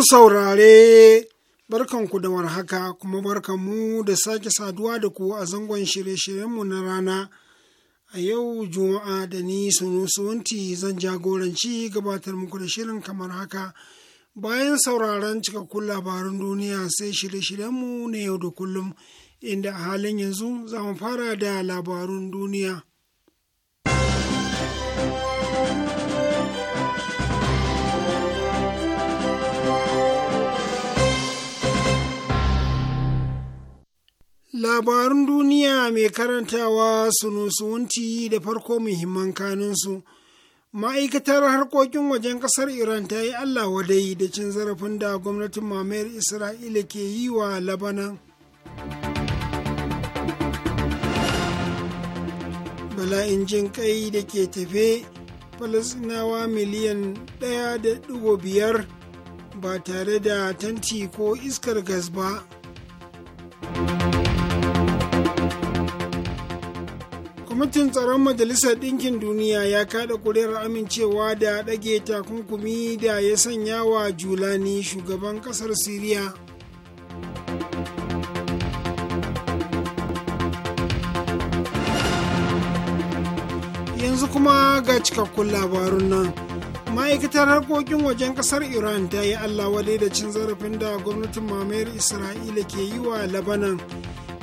Ku saurare barkanku da warhaka kuma barkanmu da sake saduwa da ku a zangon shirye-shiryenmu na rana a yau juma'a da ni sunusuwanti zan jagoranci gabatar muku da shirin kamar haka bayan sauraron cikakkun labarin duniya sai shirye-shiryenmu na yau da kullum inda a halin yanzu za mu fara da labarun duniya. Labarun duniya mai karantawa sunusuwunti da farko muhimman kanunsu. Ma'aikatar harkokin wajen ƙasar Iran ta yi Allah wadai da cin zarafin da gwamnatin mamayar Isra'ila ke yi wa Labanan. Bala'in jin kai da ke tafe Falasinawa miliyan ɗaya da ɗigo biyar ba tare da tanti ko iskar gas ba. kwamitin tsaron majalisar ɗinkin duniya ya kada kuri'ar amincewa da ɗage takunkumi da ya sanya wa julani shugaban ƙasar siriya yanzu kuma ga cikakkun labarun nan ma'aikatar harkokin wajen kasar iran ta yi allah da cin zarafin da gwamnatin mamayar isra'ila ke yi wa labanan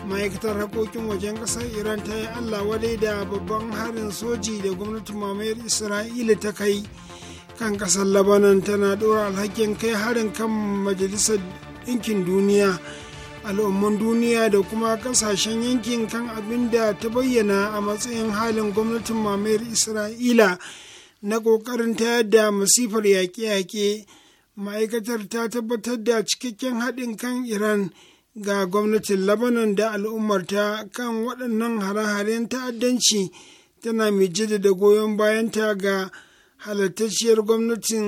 ma'aikatar harkokin wajen ƙasar iran ta yi allah wadai da babban harin soji da gwamnatin mamayar isra'ila ta kai kan ƙasar labanan tana ɗora alhakin kai harin kan majalisar ɗinkin duniya al'umman duniya da kuma ƙasashen yankin kan abin da ta bayyana a matsayin halin gwamnatin mamayar isra'ila na ƙoƙarin tayar da masifar yaƙe-yaƙe ma'aikatar ta tabbatar da cikakken haɗin kan iran ga gwamnatin Lebanon da al'ummarta kan waɗannan hare-haren ta'addanci tana mai jaddada goyon bayanta ga halittacciyar gwamnatin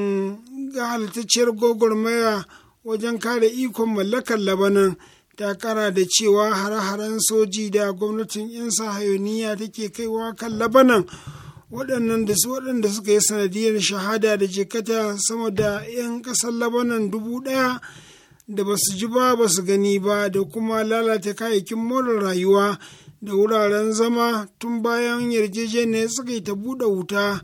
ga halittacciyar gwagwarmaya wajen kare ikon mallakar Lebanon ta kara da cewa hare-haren soji da gwamnatin 'yan sahayoniya take kaiwa kan Lebanon waɗannan da su waɗanda suka yi sanadiyar shahada da jikata sama da 'yan ƙasar Lebanon dubu ɗaya. da ba su ji ba ba su gani ba da kuma lalata kayayyakin more rayuwa da wuraren zama tun bayan yarjejeniyar suka ta buɗe wuta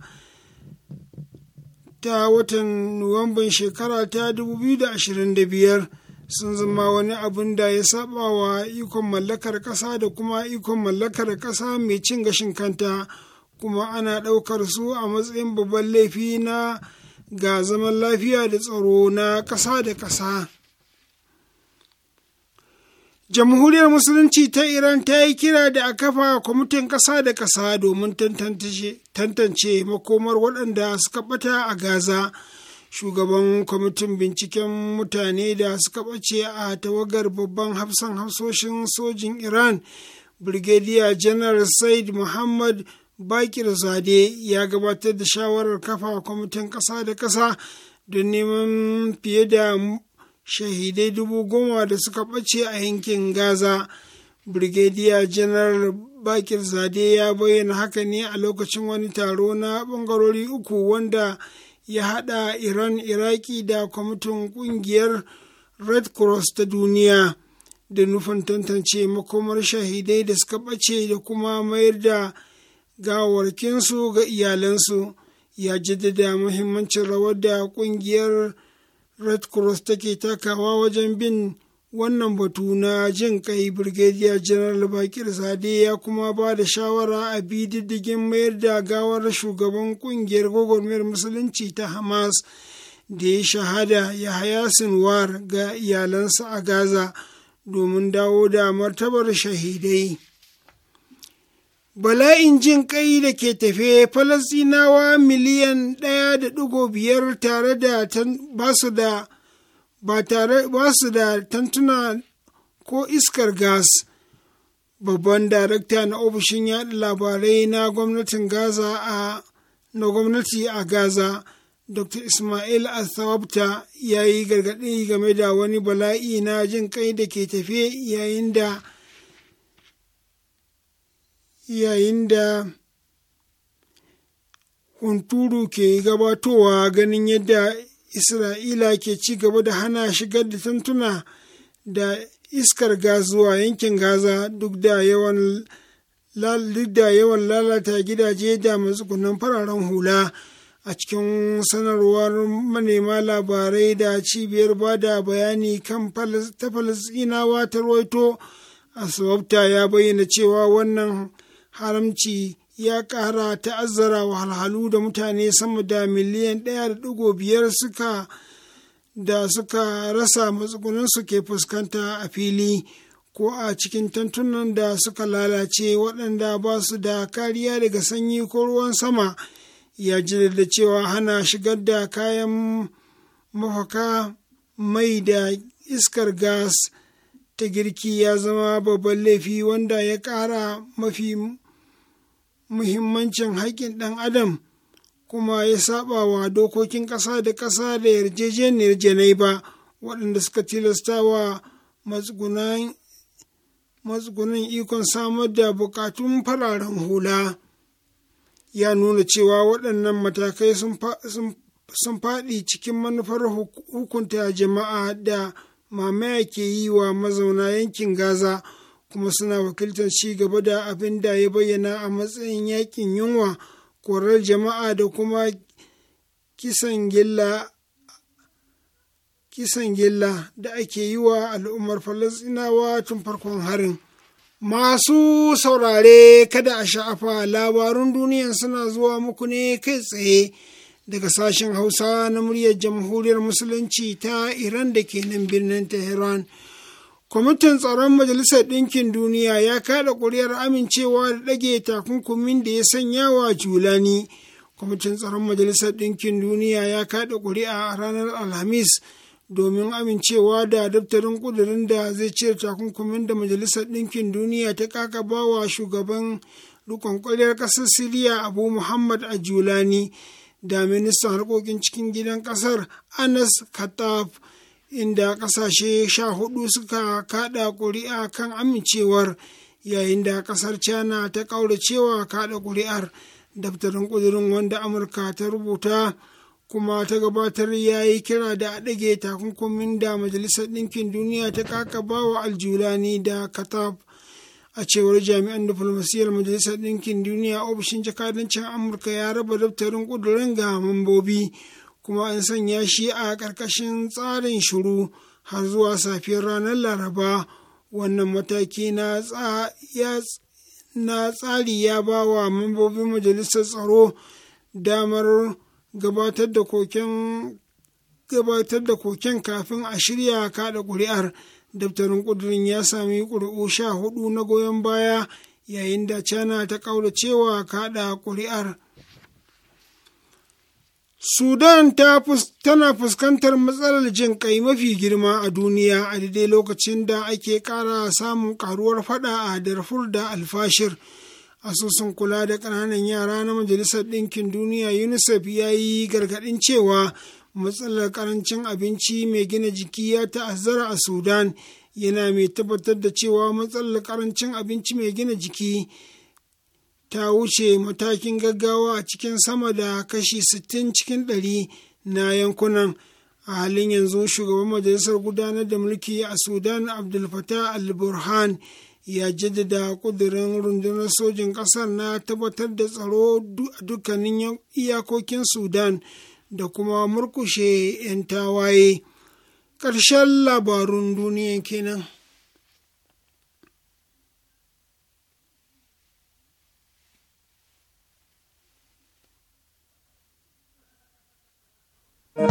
ta watan nuwamban shekara ta 2025 sun zama wani abin da ya saba wa ikon mallakar ƙasa da kuma ikon mallakar ƙasa mai cin gashin kanta kuma ana ɗaukar su a matsayin babban laifi na ga zaman lafiya da tsaro na ƙasa da ƙasa. jamhuriyar musulunci ta iran ta yi kira da a kafa kwamitin ƙasa da ƙasa domin tantance makomar waɗanda suka ɓata a gaza shugaban kwamitin binciken mutane da suka ɓace a tawagar babban hafsan hafsoshin sojin iran brigadier general said muhammad bakir zade ya gabatar da shawarar kafa kwamitin ƙasa da ƙasa don neman fiye da shahidai dubu goma da suka ɓace a yankin gaza brigadier general bakir zade ya bayyana haka ne a lokacin wani taro na ɓangarori uku wanda ya haɗa iran iraki da kwamitin ƙungiyar red cross ta duniya da nufin tantance makomar shahidai da suka ɓace da kuma mayar da gawarkinsu ga iyalansu ya jaddada muhimmancin rawar da ƙungiyar red cross take takawa wajen bin wannan batu na jin kai brigadier general bakir sade ya kuma ba da shawara a bi diddigin mayar da gawar shugaban kungiyar gwagwarmayar musulunci ta hamas da ya shahada ya haya sinwar ga iyalansa a gaza domin dawo da martabar shahidai Bala'in jin kai da ke tafe falastinawa miliyan ɗaya da ɗigo biyar tare da basu da ba tare basu da tantuna ko iskar gas. Babban darakta na ofishin yaɗa labarai na gwamnatin Gaza a na gwamnati a Gaza, Dr. Ismail Athawabta ya yi gargaɗi game da wani bala'i na jin kai da ke tafe yayin da. yayin da hunturu ke gabatowa ganin yadda isra'ila ke ci gaba da hana shigar da tantuna da iskar gazuwa yankin gaza duk da yawan duk yawan lalata gidaje da matsugunan fararen hula a cikin sanarwar manema labarai da cibiyar bada bayani kan ta falasinawa ta roito a sababta ya bayyana cewa wannan haramci ya ƙara ta'azzara wahalhalu da mutane sama da miliyan ɗaya da ɗigo biyar suka da suka rasa matsugunansu ke fuskanta a fili ko a cikin tantunan da suka lalace waɗanda ba su da kariya daga sanyi ko ruwan sama ya ji da cewa hana shigar da kayan mafaka mai da iskar gas ta girki ya zama babban laifi wanda ya ƙara mafi muhimmancin haƙƙin ɗan adam kuma ya saba wa dokokin ƙasa da ƙasa da yarjejeniyar ba waɗanda suka tilasta wa matsugunan ikon samar da buƙatun fararen hula ya nuna cewa waɗannan matakai sun faɗi cikin manufar hukunta jama'a da mamaya ke yi wa mazauna yankin gaza kuma suna wakiltar ci gaba da abin da ya bayyana a matsayin yakin yunwa korar jama'a da kuma kisan gilla da ake yi wa al'ummar falasinawa tun farkon harin masu saurare kada a sha'afa labarun duniya suna zuwa muku ne kai tsaye daga sashen hausa na muryar jamhuriyar musulunci ta iran da ke nan birnin tehran Kwamitin tsaron Majalisar Ɗinkin Duniya ya kada ƙuri'ar amincewa da ɗage takunkumin da ya sanya wa Julani. Kwamitin tsaron Majalisar Ɗinkin Duniya ya kada ƙuri'a a ranar Alhamis domin amincewa da daftarin ƙudurin da zai cire takunkumin da Majalisar Ɗinkin Duniya ta kakaba wa shugaban rikon ƙwaryar ƙasar Siriya Abu Muhammad a Julani da ministan harkokin cikin gidan ƙasar Anas Kataf. inda ƙasashe sha hudu suka kaɗa ƙuri'a kan amincewar yayin da ƙasar china ta ƙauracewa kaɗa ƙuri'ar daftarin ƙudurin wanda amurka ta rubuta kuma ta gabatar ya yi kira da a ɗage takunkumin da majalisar ɗinkin duniya ta kakaba wa aljulani da katab a cewar jami'an diflomasiyyar majalisar ɗinkin duniya ofishin jakadancin amurka ya raba daftarin ƙudurin ga mambobi kuma an sanya shi a ƙarƙashin tsarin shiru har zuwa safiyar ranar laraba wannan mataki na tsari ya ba wa mambobin majalisar tsaro damar gabatar da koken kafin a shirya kada ƙuri'ar daftarin ƙudurin ya sami ƙuri'u sha hudu na goyon baya yayin da cana ta ƙaura cewa kada ƙuri'ar Sudan ta tana fuskantar matsalar jin kai mafi girma a duniya a daidai lokacin da ake ƙara samun ƙaruwar fada a Darfur da Alfashir. Asusun kula da ƙananan yara na Majalisar Ɗinkin Duniya UNICEF ya yi gargaɗin cewa matsalar ƙarancin abinci mai gina jiki ya ta'azzara a Sudan yana mai tabbatar da cewa matsalar ƙarancin abinci mai gina jiki. ta wuce matakin gaggawa a cikin sama da kashi 60 cikin ɗari na yankunan a halin yanzu shugaban majalisar gudanar da mulki a sudan abdul al-burhan ya jaddada kudurin rundunar sojin kasar na tabbatar da tsaro a dukkanin iyakokin sudan da kuma murkushe 'yan tawaye karshen labarun duniya kenan. To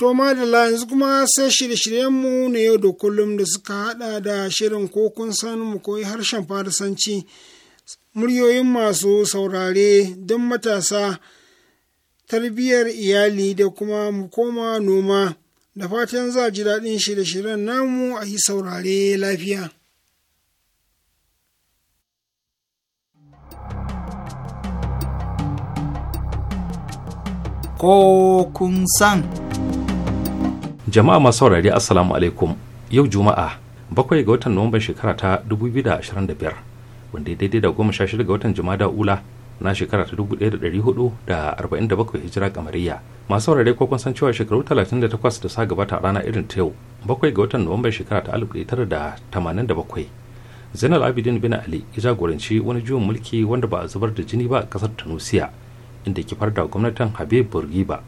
da yanzu kuma sai shirye-shiryenmu na yau da kullum da suka hada da shirin ko kun san mu koyi harshen farisanci muryoyin masu saurare don matasa tarbiyyar iyali da kuma mu koma noma da fatan za ji daɗin shirye-shiryen namu a yi saurare lafiya. ko kun san. Jama'a masu saurari Assalamu alaikum yau Juma'a bakwai ga watan Nuwamban shekara ta 2025 wanda ya daidai da goma sha shida ga watan Jumada Ula na shekara ta 1447 hijira kamariya masu saurari ko kun san cewa shekaru 38 da sa gabata a rana irin ta yau bakwai ga watan Nuwamban shekara ta 1987 zainal abidin bin ali ya jagoranci wani juyin mulki wanda ba a zubar da jini ba a kasar tunisia inda ke da gwamnatin habib burgiba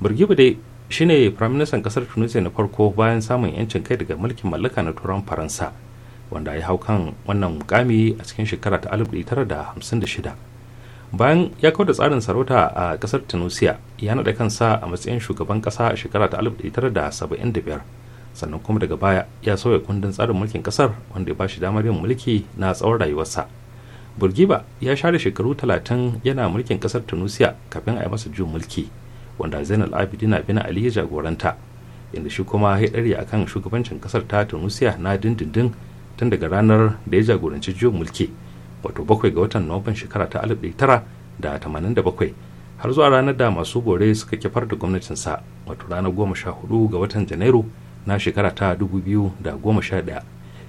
burgiba dai shine firaministan kasar tunisia na farko bayan samun yancin kai daga mulkin mallaka na turan faransa wanda ya hau kan wannan mukami a cikin shekara ta 1956 bayan ya kawo da tsarin sarauta a kasar tunisia ya naɗa kansa a matsayin shugaban kasa a shekara ta 1975 sannan kuma daga baya ya sauya kundin tsarin mulkin kasar wanda ya ba shi damar yin mulki na tsawon rayuwarsa burgiba ya share shekaru talatin yana mulkin kasar tunisia kafin a yi masa juyin mulki wanda zainal abidina abin ali ya jagoranta inda shi kuma ya a akan shugabancin kasar ta tunisia na dindindin tun daga ranar da ya jagoranci juyin mulki wato bakwai ga watan nuwamban shekara ta 1987 har zuwa ranar da masu bore suka kifar da gwamnatinsa wato ranar hudu ga watan janairu na shekara ta 2011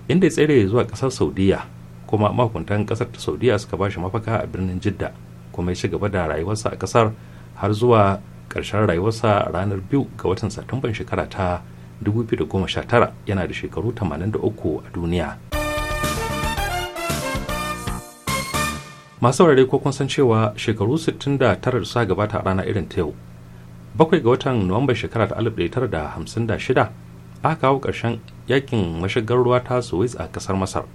inda ya tsere zuwa kasar saudiya kuma mahukuntan kasar ta saudiya suka bashi mafaka a birnin jidda kuma ya ci gaba da rayuwarsa a kasar har zuwa karshen rayuwarsa ranar biyu ga watan satumban shekara ta 2019 yana da shekaru 83 a duniya masu saurare ko kun san cewa shekaru 69 da suka gabata a rana irin ta yau bakwai ga watan nuwamban shekara ta 1956 aka kawo ƙarshen yakin mashigar ruwa ta suez a kasar masar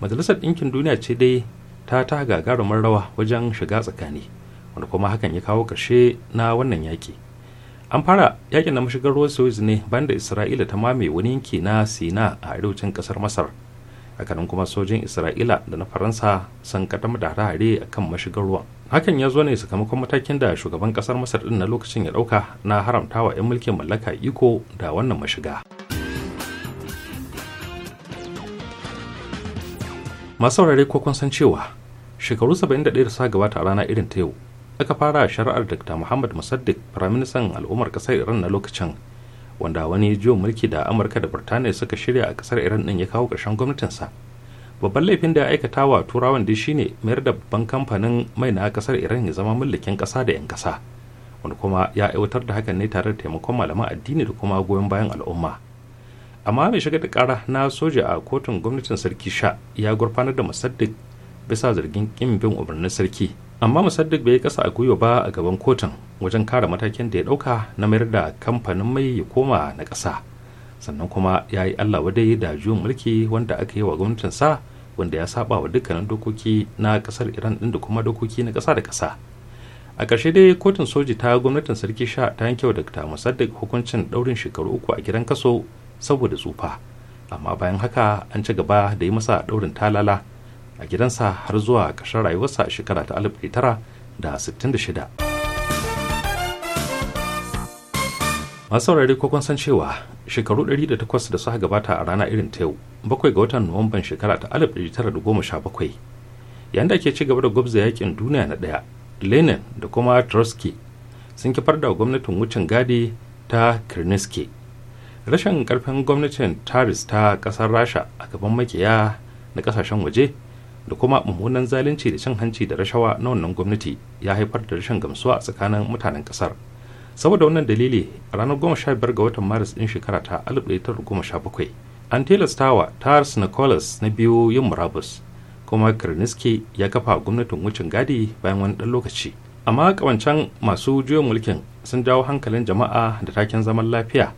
majalisar ɗinkin duniya ce dai ta ta gagarumin rawa wajen shiga tsakani wanda kuma hakan ya kawo ƙarshe na wannan yaƙi an fara yakin na mashigar ruwan suez ne banda isra'ila ta mame wani yanki na sina a arewacin ƙasar masar hakanan kuma sojin isra'ila da na faransa sun kaddamar da hare a kan mashigar ruwan hakan ya zo ne sakamakon matakin da shugaban ƙasar masar ɗin na lokacin ya ɗauka na haramta wa 'yan mulkin mallaka iko da wannan mashiga. masu saurari ko kun san cewa shekaru 71 da suka gabata a rana irin ta yau aka fara shari'ar dr muhammad musaddiq firaministan al'ummar kasar iran na lokacin wanda wani juyin mulki da amurka da birtaniya suka shirya a kasar iran din ya kawo ƙarshen gwamnatinsa babban laifin da ya aikata wa turawan da shine mayar da babban kamfanin mai na kasar iran ya zama mulkin kasa da 'yan kasa wanda kuma ya aiwatar da hakan ne tare da taimakon malaman addini da kuma goyon bayan al'umma amma mai shiga da kara na soja a kotun gwamnatin sarki sha ya gurfanar da musaddik bisa zargin kin bin umarnin sarki amma musaddik bai kasa a gwiwa ba a gaban kotun wajen kara matakin da ya dauka na mayar da kamfanin mai ya koma na kasa sannan kuma ya yi allah dai da juyin mulki wanda aka yi wa gwamnatin sa wanda ya saba wa dukkanin dokoki na kasar iran din da kuma dokoki na kasa da kasa. a ƙarshe dai kotun soji ta gwamnatin sarki sha ta yanke wa dakta musaddik hukuncin ɗaurin shekaru uku a gidan kaso saboda tsufa amma bayan haka an ci gaba da yi masa ɗaurin talala a gidansa har zuwa ƙarshen rayuwarsa a shekara ta 1966 masu saurari ko kun san cewa shekaru 108 da suka gabata a rana irin ta yau bakwai ga watan nuwamban shekara ta 1917 yayin da ake ci gaba da gwabza yakin duniya na ɗaya lenin da kuma trotsky sun kifar da gwamnatin wucin gadi ta kirniski rashin karfin gwamnatin taris ta kasar rasha a gaban makiya na kasashen waje da kuma mummunan zalunci da cin hanci da rashawa na wannan gwamnati ya haifar da rashin gamsuwa a tsakanin mutanen kasar saboda wannan dalili a ranar biyar ga watan maris din shekara ta alif sha goma bakwai. an tilastawa tars nicholas na biyu yin murabus kuma kirniski ya kafa gwamnatin wucin gadi bayan wani ɗan lokaci amma kawancan masu juyin mulkin sun jawo hankalin jama'a da taken zaman lafiya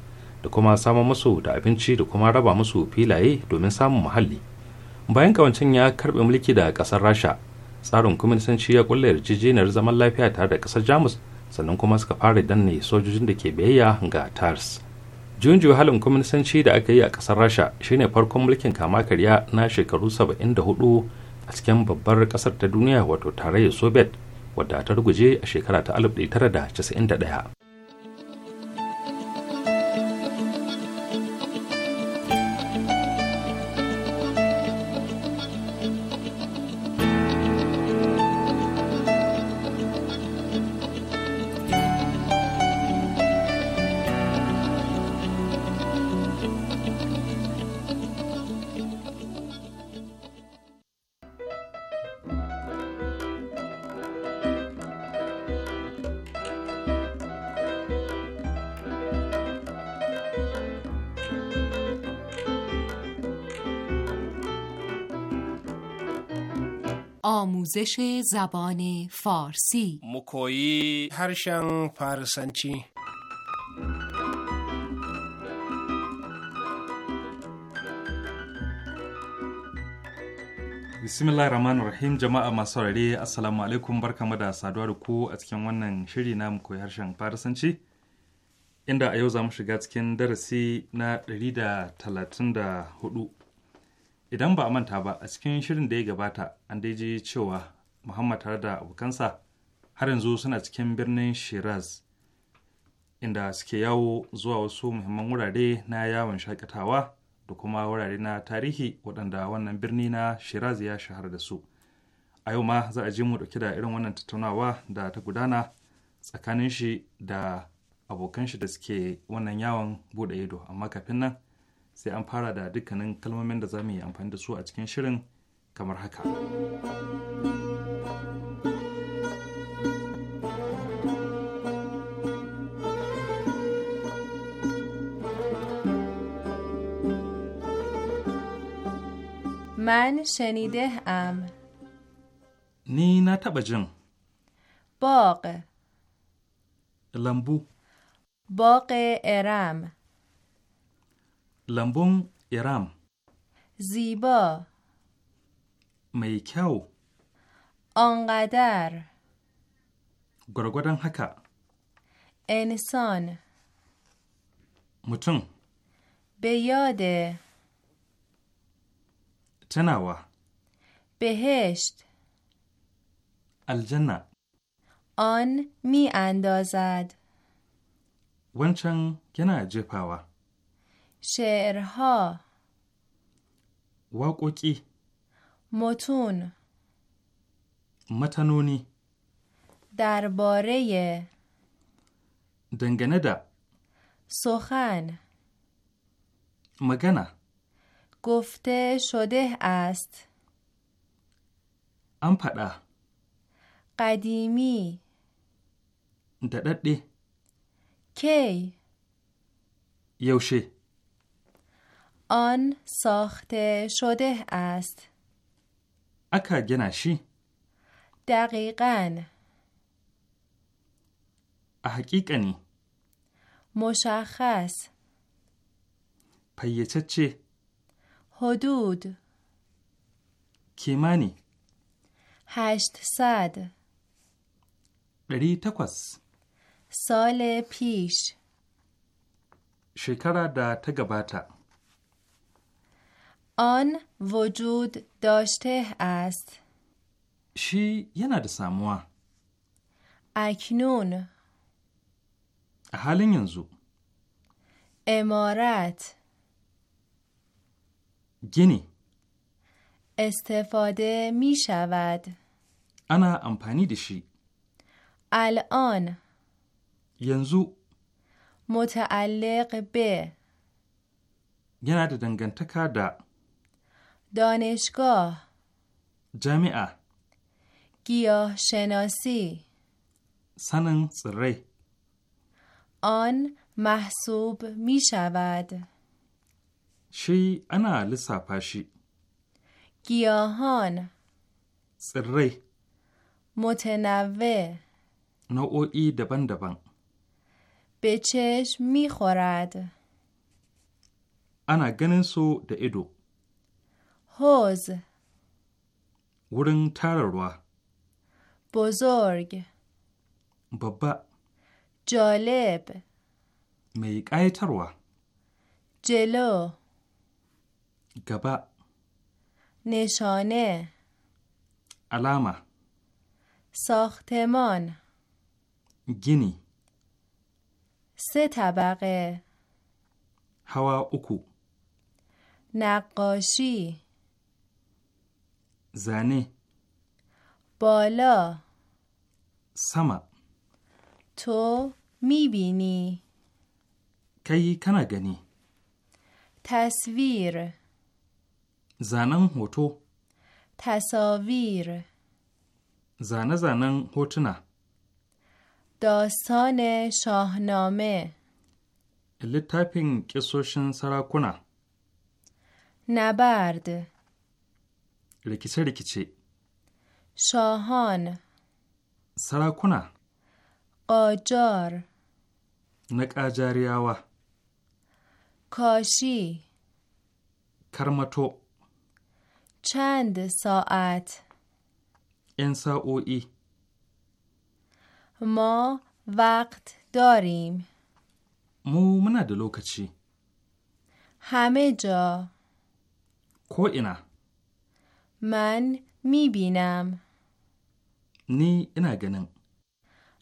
da kuma samun musu da abinci da kuma raba musu filaye domin samun muhalli bayan kawancin ya karbe mulki da kasar rasha tsarin kwaminisanci ya kulle yarjejeniyar zaman lafiya tare da kasar jamus sannan kuma suka fara danne sojojin da ke biyayya ga tars juyin halin kwaminisanci da aka yi a kasar rasha shine farkon mulkin kama karya na shekaru da hudu a cikin babbar kasar ta duniya wato tarayyar soviet wadda ta ruguje a shekara ta 1991 آموزش زبان فارسی مکویی هرشن فارسنچی bismillah rahman rahim jama'a masu saurare assalamu alaikum barkamu da saduwa da ku a cikin wannan shiri na mu koyi harshen farisanci inda a yau za mu shiga cikin darasi na 134 idan ba a manta ba a cikin shirin da ya gabata an daji cewa muhammad tare da abokansa har yanzu suna cikin birnin shiraz inda suke yawo zuwa wasu muhimman wurare na yawon shakatawa da kuma wurare na tarihi waɗanda wannan birni na shiraz ya shahar da su a yau ma za a ji mu ɗauke da irin wannan tattaunawa da ta gudana tsakanin shi da abokan shi da suke wannan yawon buɗe ido amma kafin nan sai an fara da dukkanin kalmomin da za mu yi amfani da su a cikin shirin kamar haka. من شنیده ام نی نتبا جن باغ لمبو باغ ارم لمبون ارم زیبا میکو آنقدر گرگودن حکا انسان متون به یاد بهشت الجنه آن می اندازد ونچن ینا جفاوه شعرها واکوکی متون متنونی درباره دنگنه سخن مگنه گفته شده است ام قدیمی دددی کی یوشه آن ساخته شده است اکا گنشی دقیقا نی مشخص پیچه چه؟ حدود کیمانی هشت صد بری سال پیش شکر در تگباته. آن وجود داشته است شی یه da اکنون حالی ینزو. امارت گینی استفاده می شود انا امپانی دشی الان ینزو متعلق به یه da دا دانشگاه جامعه گیاه شناسی سنن سره آن محسوب می شود شی انا لسافاشی گیاهان سره متنوع نوعی دبن دبن به چشم می خورد انا گنسو ده ایدو هوز ورن تارروا بزرگ بابا جالب می قایتروا جلو گبا نشانه علامه ساختمان گینی سه طبقه هوا اوکو نقاشی زنه بالا سما تو میبینی کی کنا گنی تصویر زنن هوتو تصاویر زنه زنن هوتنا داستان شاهنامه littafin kisoshin sarakuna. Nabard رکیچه رکیچه شاهان سراکونا قاجار نک آوا کاشی کرمتو چند ساعت انساوی ما وقت داریم مو منا لوکچی همه جا کو اینا من می بینم نی اینا گنن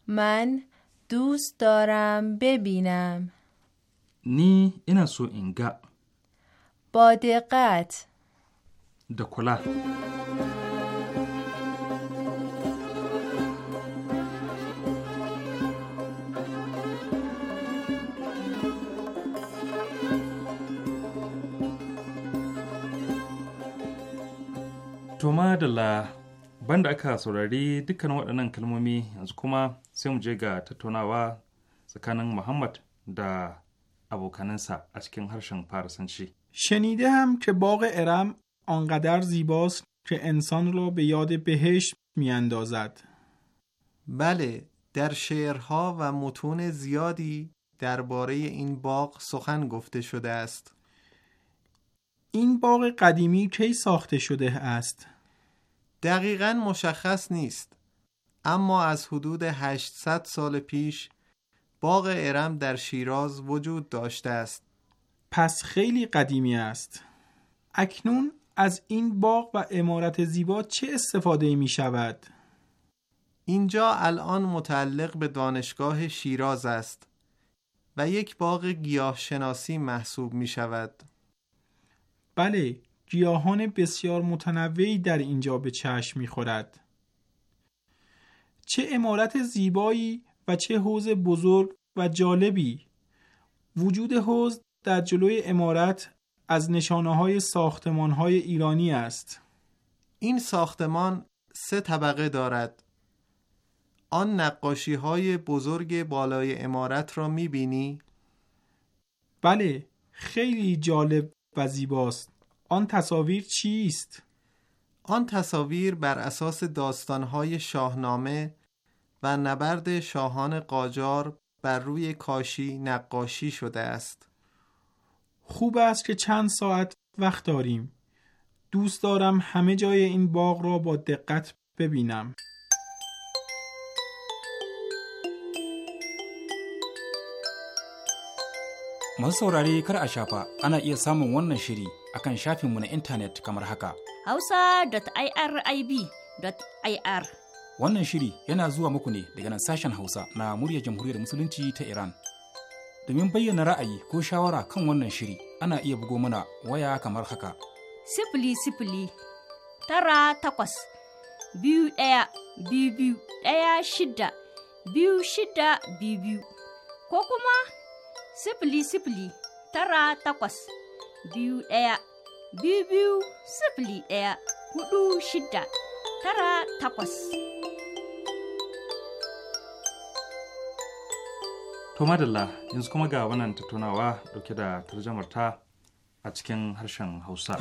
من دوست دارم ببینم نی اینا سو اینگا با دقت دکلا To madalla banda aka saurari dukkan waɗannan kalmomi yanzu kuma sai mu je ga tattaunawa tsakanin Muhammad da abokanansa a cikin harshen Farisanci. شنیده هم که باغ ارم آنقدر زیباست که انسان را به یاد بهشت میاندازد. بله، در شعرها و متون زیادی درباره این باغ سخن گفته شده است. این باغ قدیمی کی ساخته شده است؟ دقیقا مشخص نیست اما از حدود 800 سال پیش باغ ارم در شیراز وجود داشته است پس خیلی قدیمی است اکنون از این باغ و امارت زیبا چه استفاده می شود؟ اینجا الان متعلق به دانشگاه شیراز است و یک باغ گیاهشناسی محسوب می شود. بله گیاهان بسیار متنوعی در اینجا به چشم میخورد چه امارت زیبایی و چه حوز بزرگ و جالبی وجود حوز در جلوی امارت از نشانه های ساختمان های ایرانی است این ساختمان سه طبقه دارد آن نقاشی های بزرگ بالای امارت را می بینی؟ بله خیلی جالب و زیباست آن تصاویر چیست؟ آن تصاویر بر اساس داستانهای شاهنامه و نبرد شاهان قاجار بر روی کاشی نقاشی شده است خوب است که چند ساعت وقت داریم دوست دارم همه جای این باغ را با دقت ببینم akan shafinmu na intanet kamar haka. hausa.irib.ir Wannan shiri yana zuwa muku ne daga nan sashen Hausa na murya Jamhuriyar Musulunci ta Iran. Domin bayyana ra'ayi ko shawara kan wannan shiri ana iya bugo mana waya kamar haka. Sifili sifili tara takwas biyu ɗaya biyu biyu ɗaya shida biyu shida biyu biyu ko kuma sifili sifili tara takwas biyu ɗaya biyu biyu sifili ɗaya hudu shida tara takwas. To madalla yanzu kuma ga wannan tattaunawa dauke da tarjamarta a cikin harshen Hausa.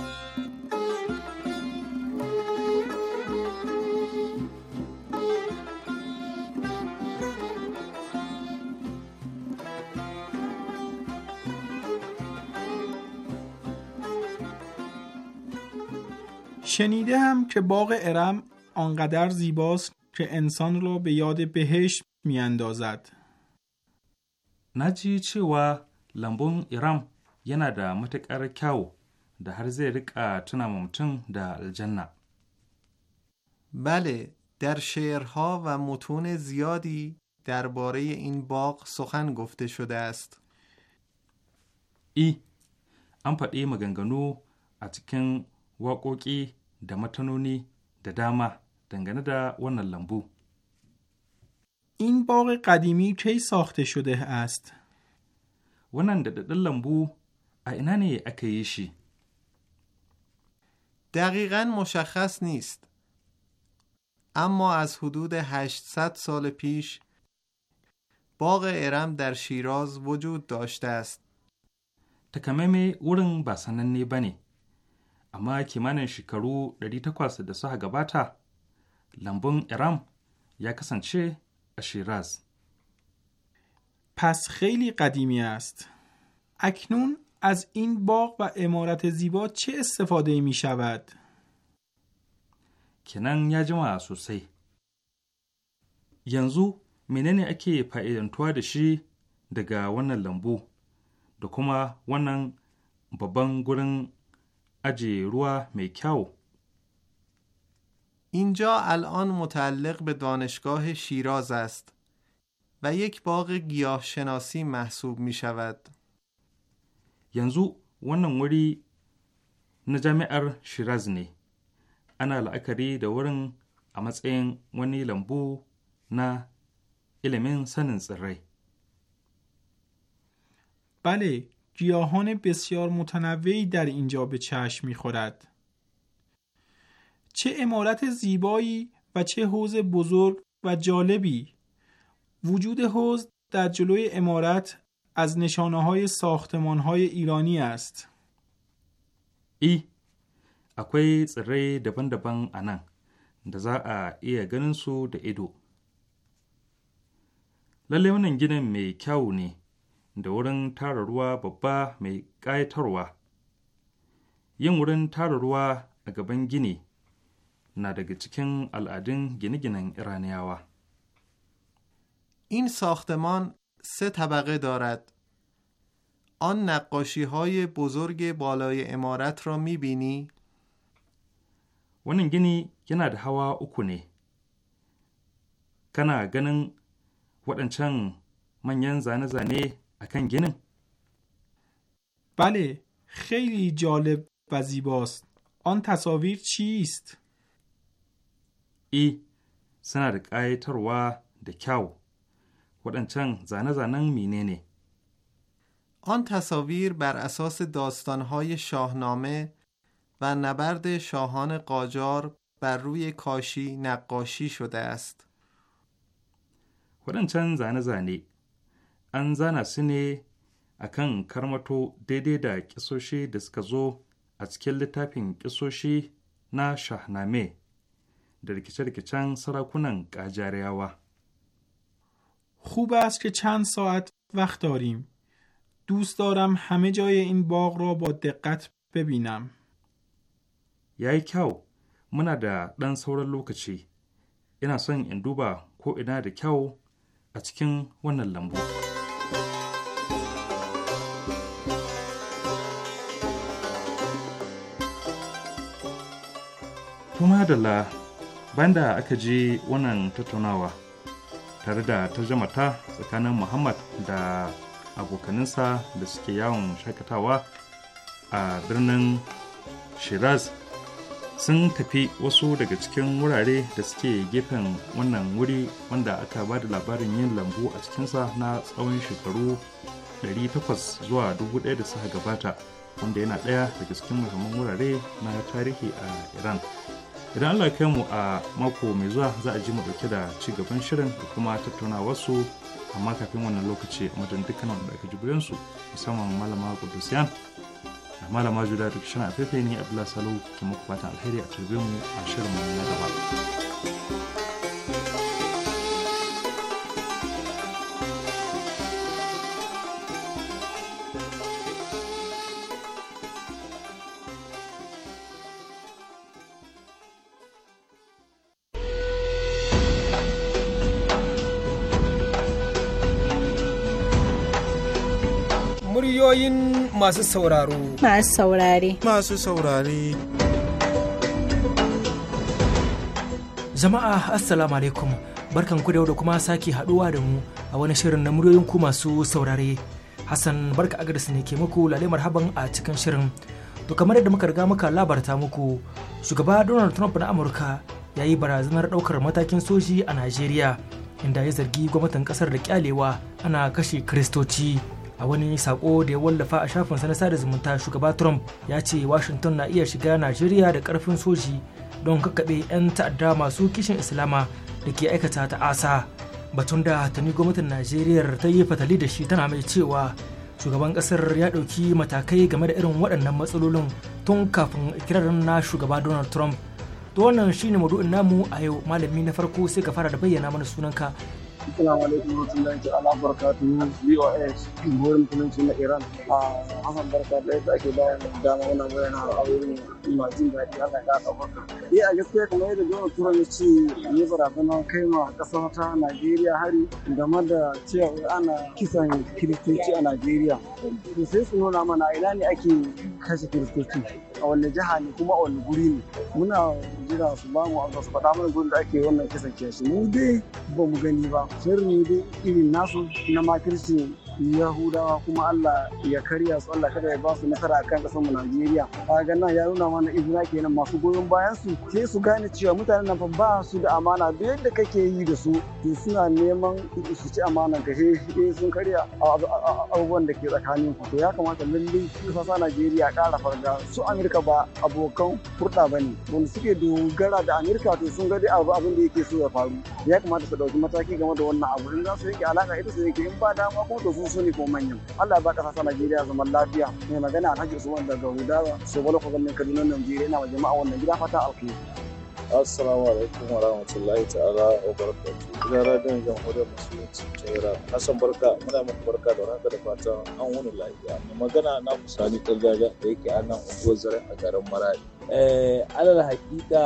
شنیده هم که باغ ارم آنقدر زیباست که انسان را به یاد بهش میاندازد. نجی و لمبون ارم یه da متکر kyau در هر زیرک riƙa tuna ممتن دا الجنه بله در شعرها و متون زیادی درباره این باغ سخن گفته شده است. ای ام faɗi maganganu a da matanoni da dama dangane این باغ قدیمی کی ساخته شده است؟ wannan daɗaɗɗen lambu a دقیقا مشخص نیست اما از حدود 800 سال پیش باغ ارم در شیراز وجود داشته است تکمیم اورن بسنن بنی amma kimanin shekaru ɗari takwas da suka gabata lambun iram ya kasance a shiraz. pas khali qadimi ast aknun az in bagh va imarat ziba che istifade mi kenan ya jima sosai yanzu menene ake fa'idantuwa da shi daga wannan lambu da kuma wannan babban gurin اجی روا میکاو اینجا الان متعلق به دانشگاه شیراز است و یک باغ گیاه شناسی محسوب می شود. ینزو ون وری نجامع ار شیراز نی. انا لعکری دورن امس این ونی لمبو نا علمین سنن زره. بله، گیاهان بسیار متنوعی در اینجا به چشم میخورد چه امارت زیبایی و چه حوز بزرگ و جالبی وجود حوز در جلوی امارت از نشانه های ساختمان های ایرانی است ای اکوی سره دبن da wurin tara ruwa babba mai ƙayatarwa yin wurin tara ruwa a gaban gini na daga cikin al'adun gine-ginen iraniyawa این ساختمان سه طبقه دارد. آن نقاشی های بزرگ بالای امارت را می بینی؟ wannan gini yana da hawa uku ne kana ganin waɗancan manyan zane-zane بله خیلی جالب و زیباست آن تصاویر چیست؟ ای suna da تروا دکاو ودن چنگ زنه آن تصاویر بر اساس داستانهای شاهنامه و نبرد شاهان قاجار بر روی کاشی نقاشی شده است. چند زنه زنی؟ an zana su ne a kan karmato daidai da ƙisoshi da suka zo a cikin littafin ƙisoshi na shahname da rikice-rikicen sarakunan ƙajariyawa. خوب است که چند ساعت da داریم. دوست دارم همه جای این باغ را با دقت muna da ɗan sauran lokaci ina son in duba ko ina da kyau a cikin wannan lambu. kuma da la banda aka ji wannan tattaunawa tare da tarjama ta tsakanin Muhammad da abokaninsa da suke yawon shakatawa a birnin Shiraz sun tafi wasu daga cikin wurare da suke gefen wannan wuri wanda aka ba da labarin yin lambu a cikinsa na tsawon shekaru 800 zuwa 1000 da suka gabata wanda yana daya daga cikin muhimman wurare na tarihi a iran idan allah kai mu a mako mai zuwa za a ji mu dauke da ci gaban shirin da kuma tattauna wasu amma kafin wannan lokaci a madan dukkan wanda aka ji su musamman malama kudusiyan da malama juda duk shirin a ne abdullahi salo muku fatan alheri a turbe mu a shirin mu na gaba masu sauraro. Masu saurare. Masu saurare. Jama'a Assalamu alaikum barkan ku da kuma sake haduwa da mu a wani shirin na ku masu saurare. Hassan barka agadis ne ke muku lalle marhaban a cikin shirin. To kamar yadda muka riga muka labarta muku shugaba Donald Trump na Amurka ya yi barazanar daukar matakin soji a Najeriya inda ya zargi gwamnatin kasar da kyalewa ana kashe kiristoci. a wani sako da ya wallafa a shafin na sada zumunta shugaba trump ya ce washington na iya shiga najeriya da karfin soji don kakkaɓe 'yan ta'adda masu kishin islama da ke aikata ta'asa batun da tuni gwamnatin najeriya ta yi fatali da shi tana mai cewa shugaban kasar ya ɗauki matakai game da irin waɗannan matsalolin tun kafin ikirarin na shugaba donald trump to wannan shine maudu'in namu a yau malami na farko sai ka fara da bayyana mana sunanka Assalamu alaikum warahmatullahi ta'ala barakatuhu BOS burin musulunci na Iran a ah, Hassan Barka da yadda ake bayan dama wannan bayan a wurin masu daɗi Allah ya ɗaukaka. Eh a gaskiya kamar yadda Jona Tura ya ce ne barazanar kai ma ta Najeriya hari game da cewa ana kisan kiristoci a Najeriya. To sai su nuna mana ina ne ake kashe kiristoci a wanne jiha ne kuma a wanne guri ne. Muna jira su bamu a su faɗa mana gurin da ake wannan kisan kiyashi mu dai ba mu gani ba. sirri ne irin nasu na makircin yahudawa kuma allah ya karya su allah kada ya ba su nasara akan kasar mu najeriya A ga nan ya nuna mana izina kenan masu goyon bayan su Ke su gane cewa mutanen nan fa ba su da amana duk yadda kake yi da su to suna neman su ci amanan ka he sun karya abubuwan da ke tsakanin ku to ya kamata lalle su sasa najeriya kara farga su amurka ba abokan furda ba ne wanda suke dogara da amurka to sun ga dai abu abin da yake so ya faru ya kamata su ɗauki mataki game da wannan abu in za su yanke alaka ita su yanke in ba dama ko to su su ne ko manyan Allah ya ba Najeriya zaman lafiya mai magana Alhaji zuwa daga Hudawa bala ko ganin Kaduna Najeriya ina ma jama'a wannan gida fata alkhairi Assalamu alaikum wa rahmatullahi ta'ala wa barakatu. Gidan radiyon jamhuriyar musulunci ta Iran. Hassan barka muna muku barka da haka da fatan an wuni lafiya. Mai magana na Sani Kalgaga da yake a nan unguwar zaren a garin Maradi. Eh, alal hakika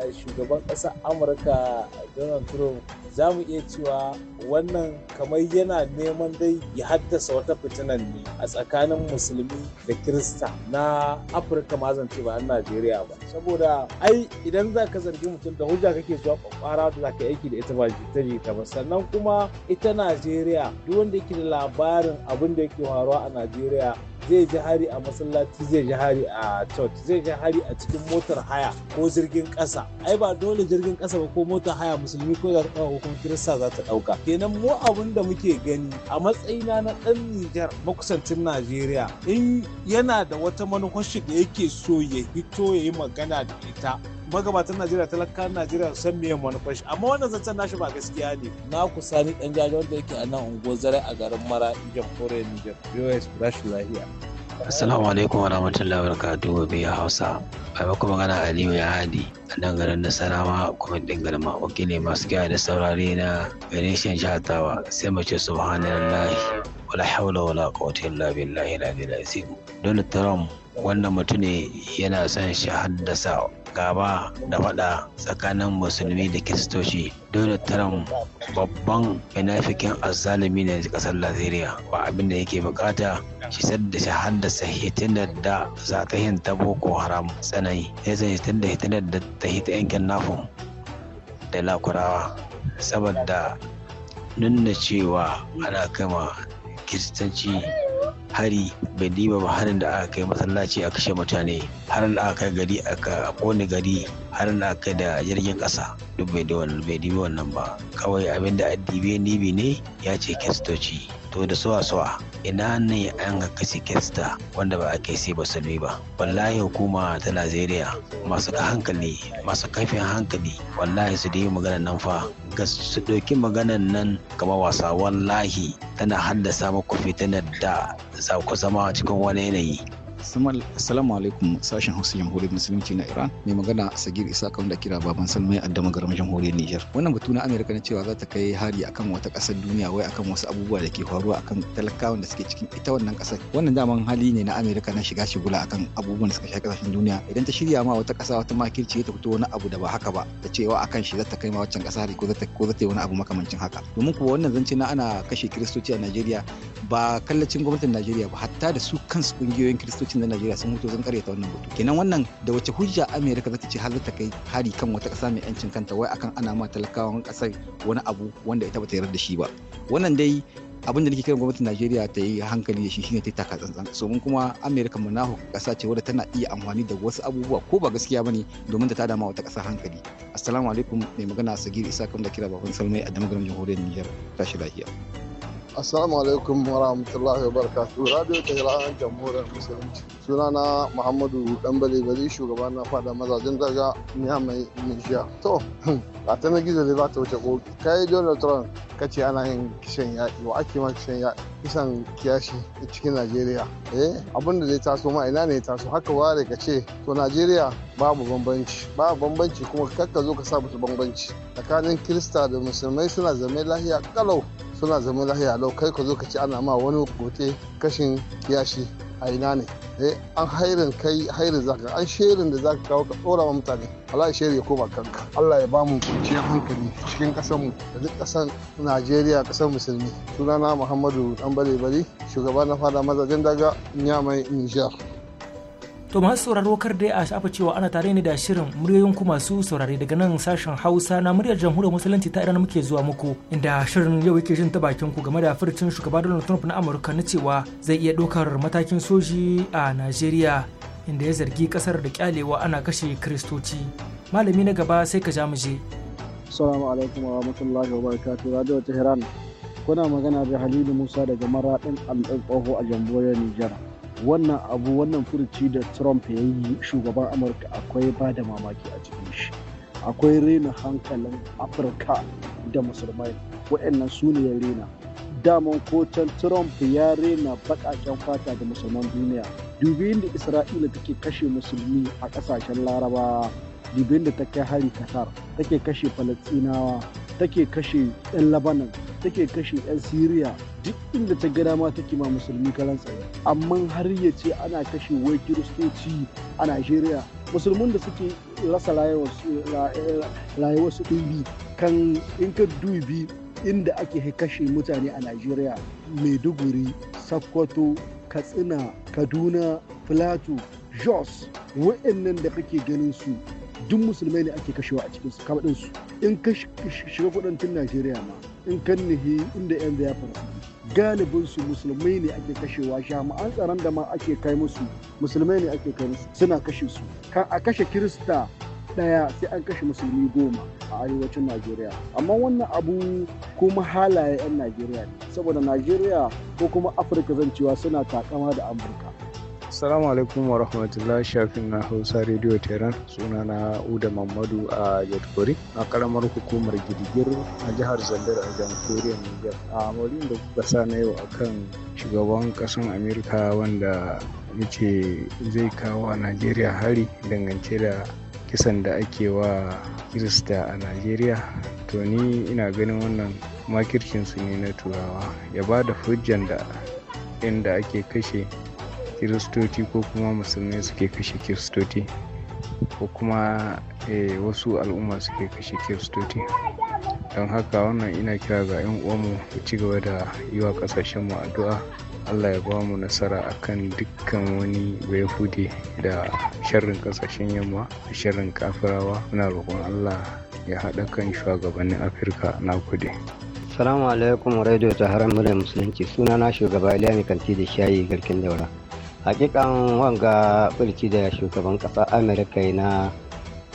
eh, shugaban ƙasar amurka donald trump za mu iya cewa wannan kamar yana neman dai ya haddasa wata fitinan ne a tsakanin musulmi da kirista na afirka mazanci ba na najeriya ba saboda ai idan za ka zargi mutum da hujja kake zuwa kwakwara da za ka aiki da ita ba jita jita ba sannan kuma ita najeriya duk wanda yake da labarin abin da yake faruwa a najeriya zai ji hari a masallaci zai ji hari a church zai ji hari a cikin motar haya ko jirgin kasa ai ba dole jirgin kasa ba ko motar haya musulmi ko za ta ko kirista za ta ɗauka kenan mu abun da muke gani a matsayina na ɗan Nijar makusancin Najeriya in yana da wata manufashi da yake so ya hito ya yi magana da ita magabatan najeriya talakan najeriya su san meye manufar shi amma wannan zancen nashi ba gaskiya ne na kusa ni dan jari wanda yake a nan unguwar zare a garin mara jamhuriyar niger us Rashid lahiya Assalamu alaikum wa rahmatullahi wa barakatuhu biya Hausa. Bai maka magana Aliyu ya hadi a nan garin Nasarawa kuma din garin Makoki ne masu kiyaye da saurare na Venetian Shatawa sai mu ce subhanallahi wala hawla wala quwwata illa billahi la ilaha illa Donald Trump wannan mutum yana son shi haddasa gaba da faɗa tsakanin musulmi da kiristoci dole trump babban benafikin azzalumi ne ƙasar najeriya ba abin da yake bukata shi da shahada haddasa da za ta hinta boko haram tsanani ya zai hitin da hitinar da ta hita yankin nafin da lakurawa saboda nuna cewa ana kama kiristanci hari bai diba ba harin da aka kai masallaci a kashe mutane harin da aka kai gari aka kone gari harin da aka kai da jirgin kasa duk bai diba wannan ba kawai abin da addibe nibi ne ya ce kistoci to da suwa suwa ina ne an ga kashe kesta wanda ba a kai sai ba sani ba wallahi hukuma ta najeriya masu hankali masu kafin hankali wallahi su dai maganar nan fa ga su ɗauki maganar nan kamar wasa wallahi tana haddasa muku fitinar da za ku zama cikin wani yanayi Assalamu alaikum sashen Hausa Jamhuriyar Musulunci na Iran mai magana Sagir Isa kan da kira baban Salmai Adama garin Jamhuriyar Niger. Wannan batu na Amerika na cewa za ta kai hari akan wata kasar duniya wai akan wasu abubuwa da ke faruwa akan talakawan da suke cikin ita wannan kasar Wannan daman hali ne na Amerika na shiga shigula akan abubuwan da suka shafi ƙasashen duniya. Idan ta shirya ma wata kasa wata makirci ta fito wani abu da ba haka ba ta cewa akan shi za ta kai ma waccan kasa hari ko za ta ko za ta yi wani abu makamancin haka. Domin kuwa wannan zance na ana kashe kiristoci a Najeriya ba kallacin gwamnatin Najeriya ba hatta da su kansu kungiyoyin kiristoci gwamnatin na Najeriya sun mutu wajen karyata wannan batu kenan wannan da wace hujja Amerika za ta ce har ta kai hari kan wata ƙasa mai yancin kanta wai akan ana ma talakawan ƙasar wani abu wanda ita bata yarda da shi ba wannan dai abin da nake kiran gwamnatin Najeriya ta yi hankali da shi shine ta taka tsantsan so mun kuma Amerika munahu ƙasa ce wadda tana iya amfani da wasu abubuwa ko ba gaskiya bane domin ta tada ma wata ƙasa hankali assalamu alaikum mai magana Sagir Isa kan da kira baban Salmai a damagaram jamhuriyar Niger tashi lafiya Assalamu alaikum wa rahmatullahi wa barakatu. Radio Tehran Jamhuriyar Musulunci. Sunana Muhammadu Dan Bari shugaba na fada mazajen daga Niamey Nijiya. To, a ta na gizo da za ta wuce koki. Kai Donald Trump ka ce ana yin kishin yaƙi wa ake ma kishin yaƙi kisan kiyashi cikin Najeriya. Eh, abin da zai taso ma ina ne taso haka ware ka ce to Najeriya babu bambanci babu bambanci kuma kakka zo ka sa musu bambanci tsakanin Kirista da Musulmai suna zama lahiya kalau suna zama lahiya lau kai ka zo ka ci ana ma wani gote kashin yashi a ina ne eh an hairin kai hairin zaka an sherin da zaka kawo ka dora wa mutane Allah ya shirya ya koma kanka Allah ya bamu kwanciyar hankali cikin kasar mu da duk kasar Najeriya kasar musulmi sunana Muhammadu Dan Bale Bale shugaba na fada mazajen daga Nyamai Niger To masu sauraro kar dai a shafa cewa ana tare ne da shirin muryoyin ku masu saurare daga nan sashen Hausa na muryar Jamhuriyar Musulunci ta Iran muke zuwa muku inda shirin yau yake jin ta bakin ku game da furcin shugaba Donald Trump na Amurka na cewa zai iya ɗaukar matakin soji a Najeriya inda ya zargi kasar da kyalewa ana kashe Kiristoci. Malami na gaba sai ka ja mu je. Assalamu alaikum wa rahmatullahi wa barakatuh. Radio Tehran. Kuna magana da Halilu Musa daga Maraɗin Al'ad a jamhuriyar Nijar. wannan abu wannan furuci da trump ya yi shugaban amurka akwai ba da mamaki a cikin shi akwai rena hankalin afirka da musulmai waɗannan su ne ya rena daman kotan trump ya rena baƙaƙen fata da musulman duniya dubi da isra'ila take kashe musulmi a ƙasashen larabawa dubi da ta kai hari katar take kashe falastinawa take kashe 'yan labanan take kashe 'yan siriya duk inda ta gada ma take ma musulmi karan tsaye amma har ya ce ana kashe wai kiristoci a nigeria musulmin da suke rasa rayuwarsu dubi kan in ka dubi inda ake kashe mutane a nigeria maiduguri sakkwato katsina kaduna plateau jos wa'annan da kake ganin su duk musulmai ne ake kashewa a cikin su kama din su in ka shiga kudancin Najeriya ma in kan nihi inda yan ya faru galibin su musulmai ne ake kashewa jami'an tsaron da ma ake kai musu musulmai ne ake kai musu suna kashe su kan a kashe kirista daya sai an kashe musulmi goma a arewacin najeriya amma wannan abu kuma halaye 'yan najeriya ne saboda najeriya ko kuma afirka zancewa suna takama da amurka Assalamu alaikum wa rahmatullah shafin na Hausa Radio Tehran suna na Uda Mamadu a Yadkori a karamar hukumar Girgir a jihar Zandar a jamhuriyar Niger. A maulin da kuka sa na yau a kan shugaban kasan Amerika wanda yake zai kawo a Najeriya hari dangance da kisan da ake wa Kirista a Najeriya. To ni ina ganin wannan makircinsu ne na turawa ya ba da hujjan da inda ake kashe kiristoci ko kuma musulmai suke kashe kiristoci ko kuma eh, wasu al'umma suke kashe kiristoci don haka wannan ina kira ga 'yan uwanmu ku ci gaba da yi wa kasashen mu addu'a allah ya ba mu nasara akan dukkan wani yahudi da sharrin kasashen yamma da sharrin kafirawa muna roƙon allah ya haɗa kan shugabannin afirka na kudi salamu alaikum radio ta haram musulunci sunana na shugaba iliya kanti da shayi garkin daura hakikan wanga birki da shugaban ƙasa amurka na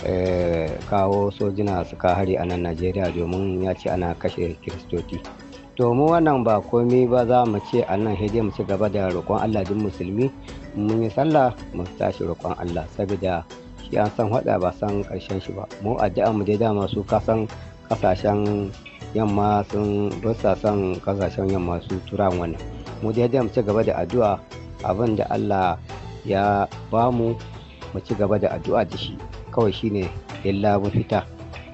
eh, kawo sojina suka hari a nan najeriya domin ya ce ana kashe kiristoci to mu wannan ba komai ba za mu ce a nan hede mu ci gaba da roƙon allah din musulmi mun yi sallah mu tashi roƙon allah saboda shi an san hada ba san ƙarshen shi ba mu addu'a mu daidai masu kasan kasashen yamma sun san kasashen yamma su turan wannan mu daidai mu ci gaba da addu'a abin da Allah ya bamu mu ci gaba da addu'a da shi kawai shine illa fita.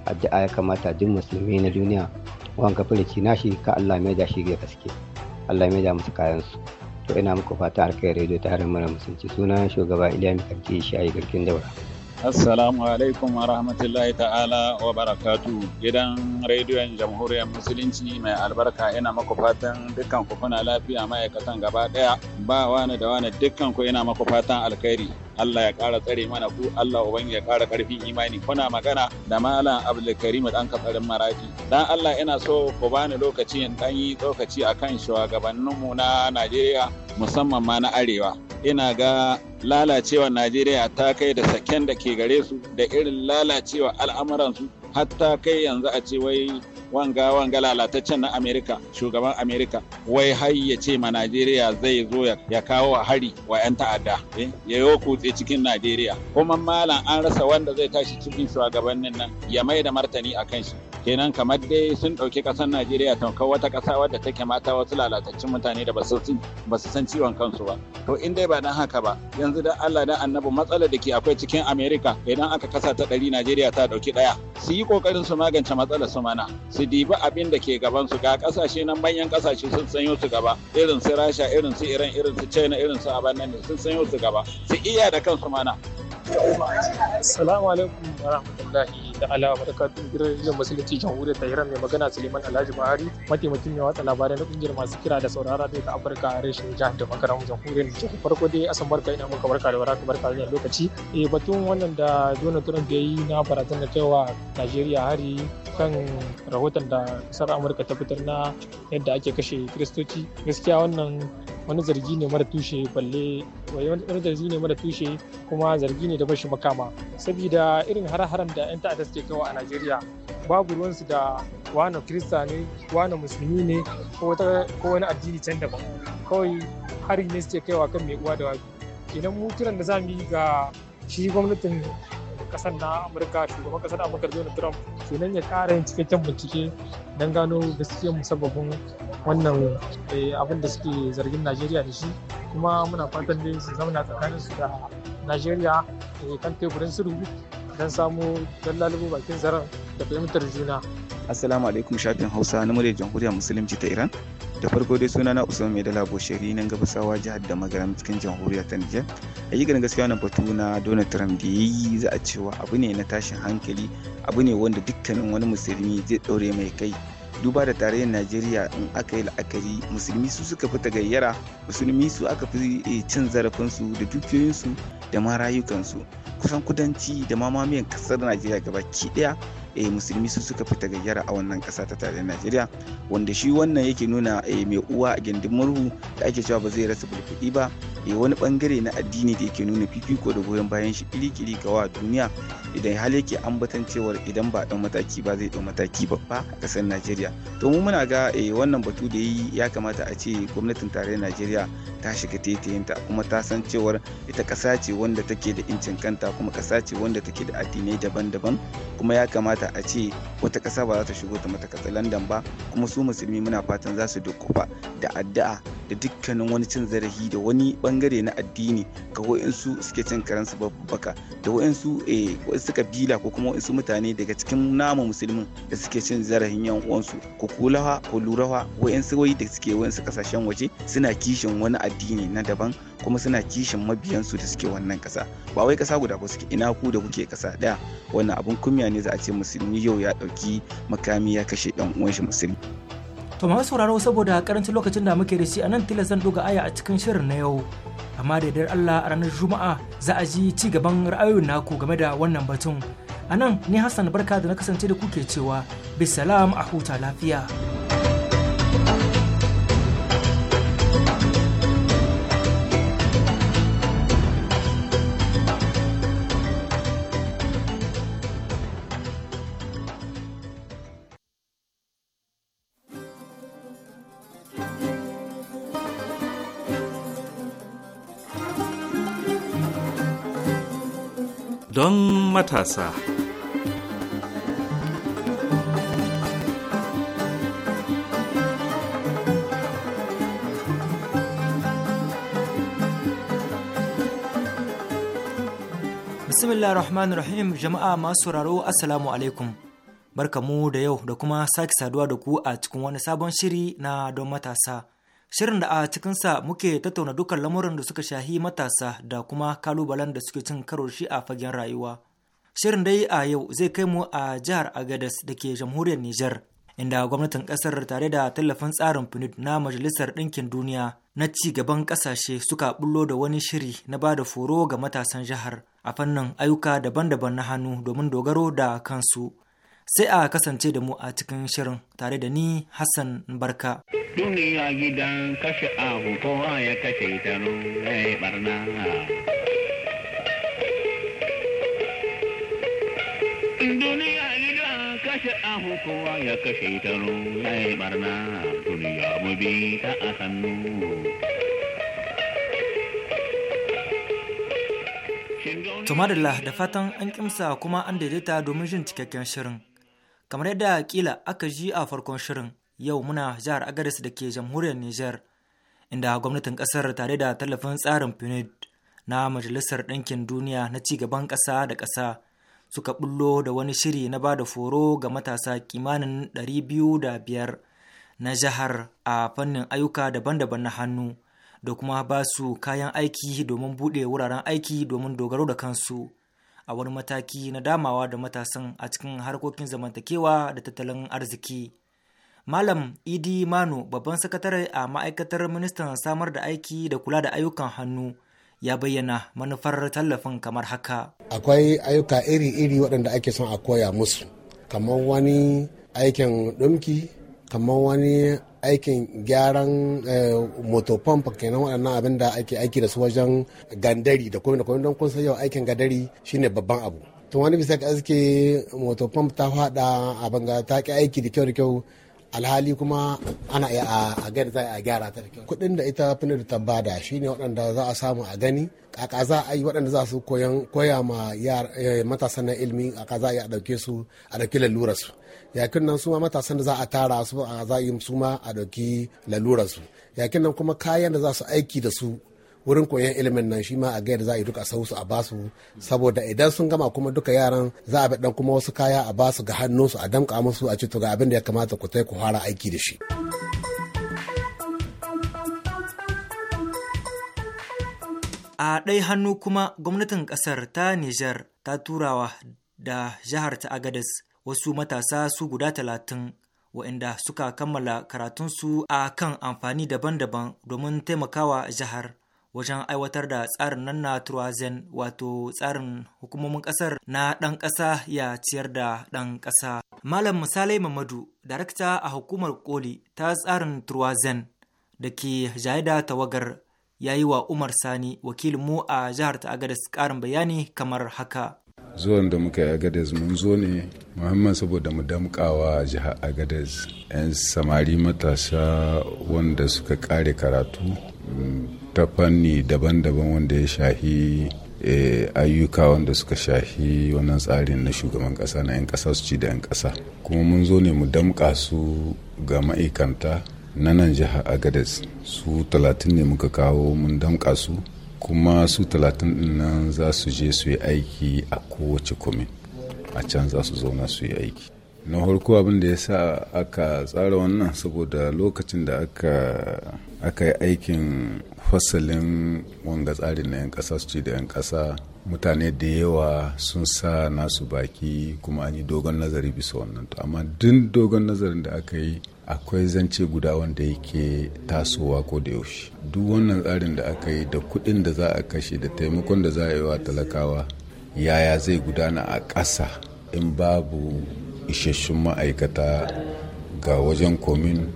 addu'a ya kamata duk musulmi na duniya wanka na shi? ka Allah mai da shi ga gaske Allah mai da musu kayan su to ina muku fata alkai rediyo ta harin mara musulunci suna shugaba Iliya Kanti shi a garkin daura. Assalamu alaikum wa rahmatullahi ta'ala wa barakatu gidan rediyon jamhuriyar musulunci mai albarka ina maku fatan dukkan ku kuna lafiya ma'aikatan gaba daya ba wani da wani dukkan ku ina maku fatan alkhairi Allah ya ƙara tsare mana ku Allah ubangi ya ƙara ƙarfin imani kuna magana da malam Abdulkarim dan kafarin Maraki dan Allah yana so ku bani lokaci in dan yi lokaci akan mu na Najeriya musamman ma na Arewa ina ga lalacewar Najeriya ta kai da saken da ke gare su da irin lalacewa al'amuransu hatta kai yanzu a ce wai wanga wanga lalataccen na amerika shugaban amerika wai har ya ce ma najeriya zai zo ya kawo a hari wa 'yan ta'adda eh, ya yi kutse cikin najeriya kuma malam an rasa wanda zai tashi cikin shugabannin nan ya mai da martani a kan shi kenan kamar dai sun ɗauki ƙasar najeriya tamkar wata ƙasa wadda take mata wasu lalataccen mutane da ba san ciwon kansu ba to in dai ba dan haka ba yanzu da allah da annabi matsalar da ke akwai cikin amerika idan aka kasa ta ɗari najeriya ta ɗauki ɗaya su yi ƙoƙarin su magance matsalar su mana su su dibi abin da ke gaban su ga kasashe nan manyan kasashe sun sanyo su gaba irin su rasha irin su iran irin su china irin su sun sanyo su gaba su iya da kansu mana Salamu alaikum wa rahmatullahi ala wa barakatun gidan rijiyar musulunci jamhuriyar Tehran mai magana Suleiman Alhaji Buhari mataimakin mai watsa labarai na kungiyar masu kira da saurara daga Afirka a reshen jihar da makaram jamhuriyar Nijar. Farko dai asan barka ina muka barka da baraka barka da lokaci. Eh batun wannan da Donald Trump ya yi na barazan da cewa Najeriya hari kan rahoton da kasar Amurka ta fitar na yadda ake kashe Kiristoci. Gaskiya wannan wani zargi ne mara tushe balle wani zargi ne mara tushe kuma zargi ne da bashi makama saboda irin har-haren da 'yan ta'adda suke kawo a najeriya babu ruwansu da wani kirista ne wani musulmi ne ko wani addini can daban kawai hari ne suke kaiwa kan mai uwa da wabi idan mu kiran da za mu yi ga shi gwamnatin kasar na amurka shugaban kasar amurka donald trump kenan ya kara yin cikakken bincike don gano gaskiyar musabbabin wannan eh, abin da suke zargin najeriya da shi kuma muna fatan dai su zama tsakanin su da najeriya eh, kan teburin sirri. don samu don bakin zaren da fahimtar juna. Assalamu alaikum shafin Hausa na murya jamhuriyar musulunci ta Iran. Da farko dai suna na Usman Mai Dala Bosheri nan gabasawa jihar da magaram cikin jamhuriyar ta Nijar. a ganin gaskiya na batu na Donald Trump da yayi za a cewa abu ne na tashin hankali abu ne wanda dukkanin wani musulmi zai ɗaure mai kai duba da tarayyar najeriya in aka yi la'akari musulmi su suka fi tagayyara musulmi su aka fi eh, cin zarafinsu da dukiyoyinsu da ma rayukansu kusan kudanci da ma mamayen kasar najeriya gabaki daya eh, musulmi su suka fita gayyara a wannan kasa ta tare najeriya wanda shi wannan yake nuna eh, mai uwa a gindin murhu da ake cewa ba zai rasa fulfuɗi ba eh, wani bangare na addini da yake nuna fifiko da goyon bayan shi kirikiri ga wa duniya idan hal yake ambatan cewar idan ba ɗan mataki ba zai ɗan mataki babba a kasar najeriya to mu muna ga eh, wannan batu da yi ya kamata a ce gwamnatin tarayyar najeriya ta shiga taitayinta kuma ta san cewar ita kasa ce wanda take da incin kanta kuma kasa ce wanda take da addinai daban-daban kuma ya kamata kamata a ce wata ƙasa ba za ta shigo ta mata landan ba kuma su musulmi muna fatan za su dukkufa da addu'a da dukkanin wani cin zarafi da wani bangare na addini ga wa'insu suke cin karansu babbaka da wa'insu eh, su kabila ko kuma wa'insu mutane daga cikin namu musulmin da suke cin zarafin yan uwansu ko kulawa ko lurawa wa'insu wai da suke wa'insu kasashen waje suna kishin wani addini na daban kuma suna kishin mabiyansu da suke wannan kasa ba wai ƙasa guda ba suke ina ku da kuke kasa ɗaya wannan abun kunya ne za a ce musu musulmi yau ya ɗauki makami ya kashe ɗan uwan shi musulmi. To masu sauraro saboda karancin lokacin da muke da shi a nan duga zan doga aya a cikin shirin na yau. Amma da yardar Allah a ranar Juma'a za a ji ci gaban ra'ayoyin naku game da wannan batun. A nan ni Hassan Barka da na kasance da kuke cewa bisalam a huta lafiya. thank you matasa. Bismillah rahman rahim jama'a masu sauraro assalamu alaikum barkamu da yau da kuma sake saduwa da ku a cikin wani sabon shiri na don matasa. Shirin da a cikinsa muke tattauna dukkan lamurin da suka shahi matasa da kuma kalubalen da suke cin karo shi a fagen rayuwa. Shirin dai a yau zai kai mu a jihar Agadez da ke jamhuriyar Nijar, inda gwamnatin ƙasar tare da tallafin tsarin PNUD na Majalisar Ɗinkin Duniya na ci gaban ƙasashe suka bullo da wani shiri na ba da foro ga matasan jihar a fannin ayyuka daban-daban na hannu domin dogaro da kansu. sai a kasance da mu a cikin shirin tare da ni Hassan Barka. Duniya gidan kashe abu kowa ya kashe ita barna. duniya gida kashe ahu ya kashe ta ya yi barna duniya mu bi ta a sannu da fatan an kimsa kuma an daidaita domin jin cikakken shirin kamar yadda kila aka ji a farkon shirin yau muna jihar agadis da ke jamhuriyar Nijar, inda gwamnatin kasar tare da tallafin tsarin punid na majalisar ɗinkin duniya na cigaban ƙasa da ƙasa suka bullo da wani shiri na ba da foro ga matasa kimanin 205 na jihar a fannin ayyuka daban-daban na hannu da kuma ba su kayan aiki domin buɗe wuraren aiki domin dogaro da kansu a wani mataki na damawa da matasan a cikin harkokin zamantakewa da tattalin arziki. Malam Idi Mano babban sakatare a ma'aikatar ministan samar da aiki da kula da ayyukan hannu ya bayyana manufar tallafin kamar haka. Akwai ayyuka iri-iri waɗanda ake son a koya musu, kamar wani aikin ɗumki, kamar wani aikin gyaran eh, motopompa kenan waɗannan abin da ake aiki da su wajen gandari da kuma da kuma don kun san yau aikin gandari shine babban abu. tun wani bisa ka aske motopomp ta faɗa abin banga ta ki aiki da kyau da kyau alhali kuma ana iya a gani za a gyara ta da kyau kuɗin da ita finir ta bada shine waɗanda za a samu a gani kaka za a yi waɗanda za su koya ma eh, matasan na ilimi ka za a yi a ɗauke su a ɗauki lalurar su yakin nan su ma matasan da za a tara su a za a yi su ma a ɗauki lalurar su yakin nan kuma kayan da za su aiki da su wurin koyon ilimin nan shi ma a gayar za a yi duka sau su a basu saboda idan sun gama kuma duka yaran za a bi dan kuma wasu kaya a basu ga hannunsu a damka musu a ci to ga abin da ya kamata ku ku fara aiki da shi. A ɗai hannu kuma gwamnatin ƙasar ta Nijar ta turawa da jihar ta Agadez wasu matasa su guda talatin waɗanda suka kammala karatunsu a kan amfani daban-daban domin taimakawa jihar. wajen aiwatar da tsarin nan na turazen wato tsarin hukumomin ƙasar na ɗan ƙasa ya ciyar da ɗan ƙasa. Malam Misalai Mamadu, darakta a hukumar koli ta tsarin turazen da ke da tawagar ya yi wa Umar Sani wakilin mu a jihar ta Agadez ƙarin bayani kamar haka. Zuwan da muka yi Agadez mun zo ne muhammad saboda mu damƙawa jihar Agadez 'yan samari matasa wanda suka ƙare karatu mm, ta fanni daban-daban wanda ya shahi eh, ayyuka wanda suka shahi wannan tsarin na shugaban kasa na 'yan kasa su ci da 'yan kasa kuma mun zo ne mu damƙa su ga ma'aikanta na nan jihar agadez su talatin ne muka kawo mun damƙa su kuma su talatin din nan za su je su yi aiki a kowace kumin a can za su zauna su yi aiki na farko abin da ya sa aka tsara wannan saboda lokacin da aka aka yi aikin fasalin wanga tsarin na 'yan ƙasa su ce da 'yan ƙasa mutane da yawa sun sa nasu baki kuma an yi dogon nazari bisa wannan to amma duk dogon nazarin da aka yi akwai zance guda wanda yake tasowa ko da yaushe duk wannan tsarin da aka yi da kuɗin da za a kashe da taimakon da za a yi wa talakawa yaya zai gudana a ƙasa in babu isasshun ma'aikata ga wajen komin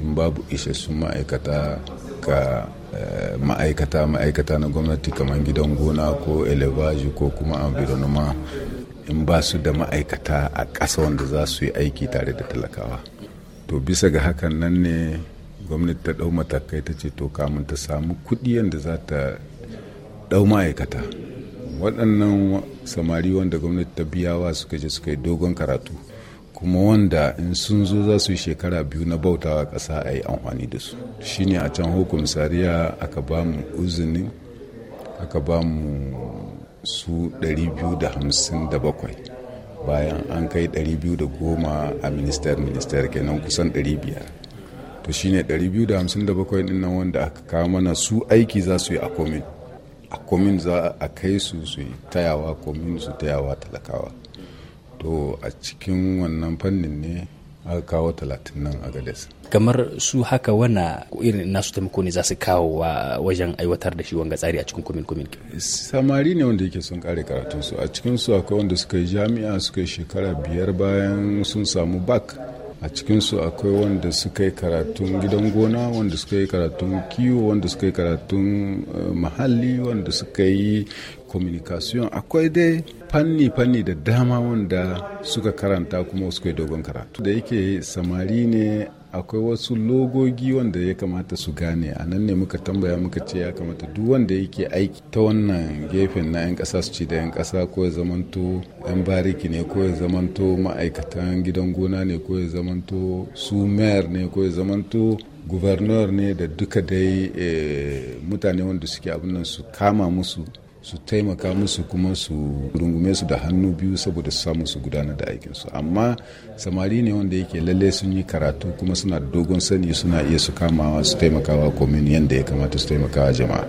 in babu isassun ma'aikata ka eh, ma'aikata ma'aikata na gwamnati kamar gidan gona ko elevaji ko kuma environnement in ba su da ma'aikata a ƙasa wanda za su yi aiki tare da talakawa to bisa ga hakan nan ne gwamnati ta ɗau matakai ta ce to kamun ta samu kuɗi yadda za ta ɗau ma'aikata waɗannan samari wanda gwamnati ta biyawa suka je suka yi dogon karatu kuma wanda in sun zo za su shekara biyu na bautawa ƙasa a yi amfani da su shi ne a can hukum sariya aka ba mu uzini aka ba mu su 257 bayan an kai 210 a minister minister kenan kusan 500 to ne 257 din nan wanda aka kawo mana su aiki za su yi a komin a komin za a kai su su yi tayawa komin su tayawa talakawa to a cikin wannan fannin ne aka kawo talatin nan a gades kamar su haka wana irin nasu taimako ne za su kawo wa wajen aiwatar da shi wanga tsari a cikin kumin kumin samari ne wanda yake sun kare su a cikin su akwai wanda suka yi jami'a suka yi shekara biyar bayan sun samu bak a cikin su akwai wanda suka yi karatun gidan gona wanda suka yi karatun kiwo wanda suka yi karatun eh, mahalli wanda suka yi communication akwai dai fanni-fanni da dama wanda suka karanta kuma su kai dogon karatu da yake samari ne akwai wasu logogi wanda ya kamata su gane a nan ne muka tambaya muka ce ya kamata duk wanda yake aiki ta wannan gefen na 'yan kasa su ci da 'yan kasa ko ya zamanto 'yan bariki ne ko ya zamanto ma'aikatan gidan gona ne ko ya zamanto su mayor ne ko ya zamanto gubernur ne da duka dai eh, mutane wanda suke abin nan su kama musu su taimaka musu kuma su rungume su da hannu biyu saboda su samu su gudanar da aikinsu amma samari ne wanda yake lalle sun yi karatu kuma suna da dogon sani suna iya su kamawa su taimakawa komin yadda ya kamata su taimakawa jama'a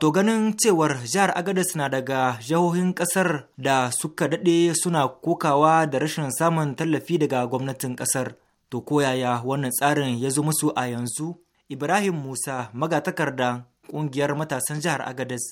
To ganin cewar jihar agadas na daga jihohin kasar da suka daɗe suna kokawa da rashin samun tallafi daga gwamnatin kasar. To koyaya wannan tsarin ya zo musu a yanzu? Ibrahim Musa magatakarda ƙungiyar matasan jihar Agadez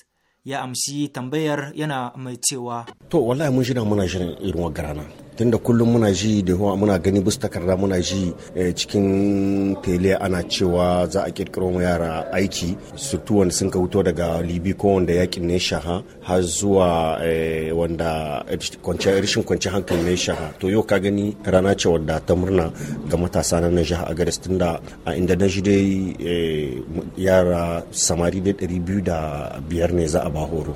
ya amshi tambayar yana mai cewa. To wallahi mun shirya muna shirin irin garana. tunda kullum muna ji da muna gani bus takarda muna ji eh, cikin tele ana cewa za a kirkiro mu yara aiki surtu wanda sun ka wuto daga libi ko wanda yakin ne shaha har zuwa eh, wanda rashin kwanciyar hankali ne shaha to yau ka gani rana ce wadda ta murna ga matasa na na a agadas tunda a inda na shi dai eh, yara samari da 205 ne za a ba horo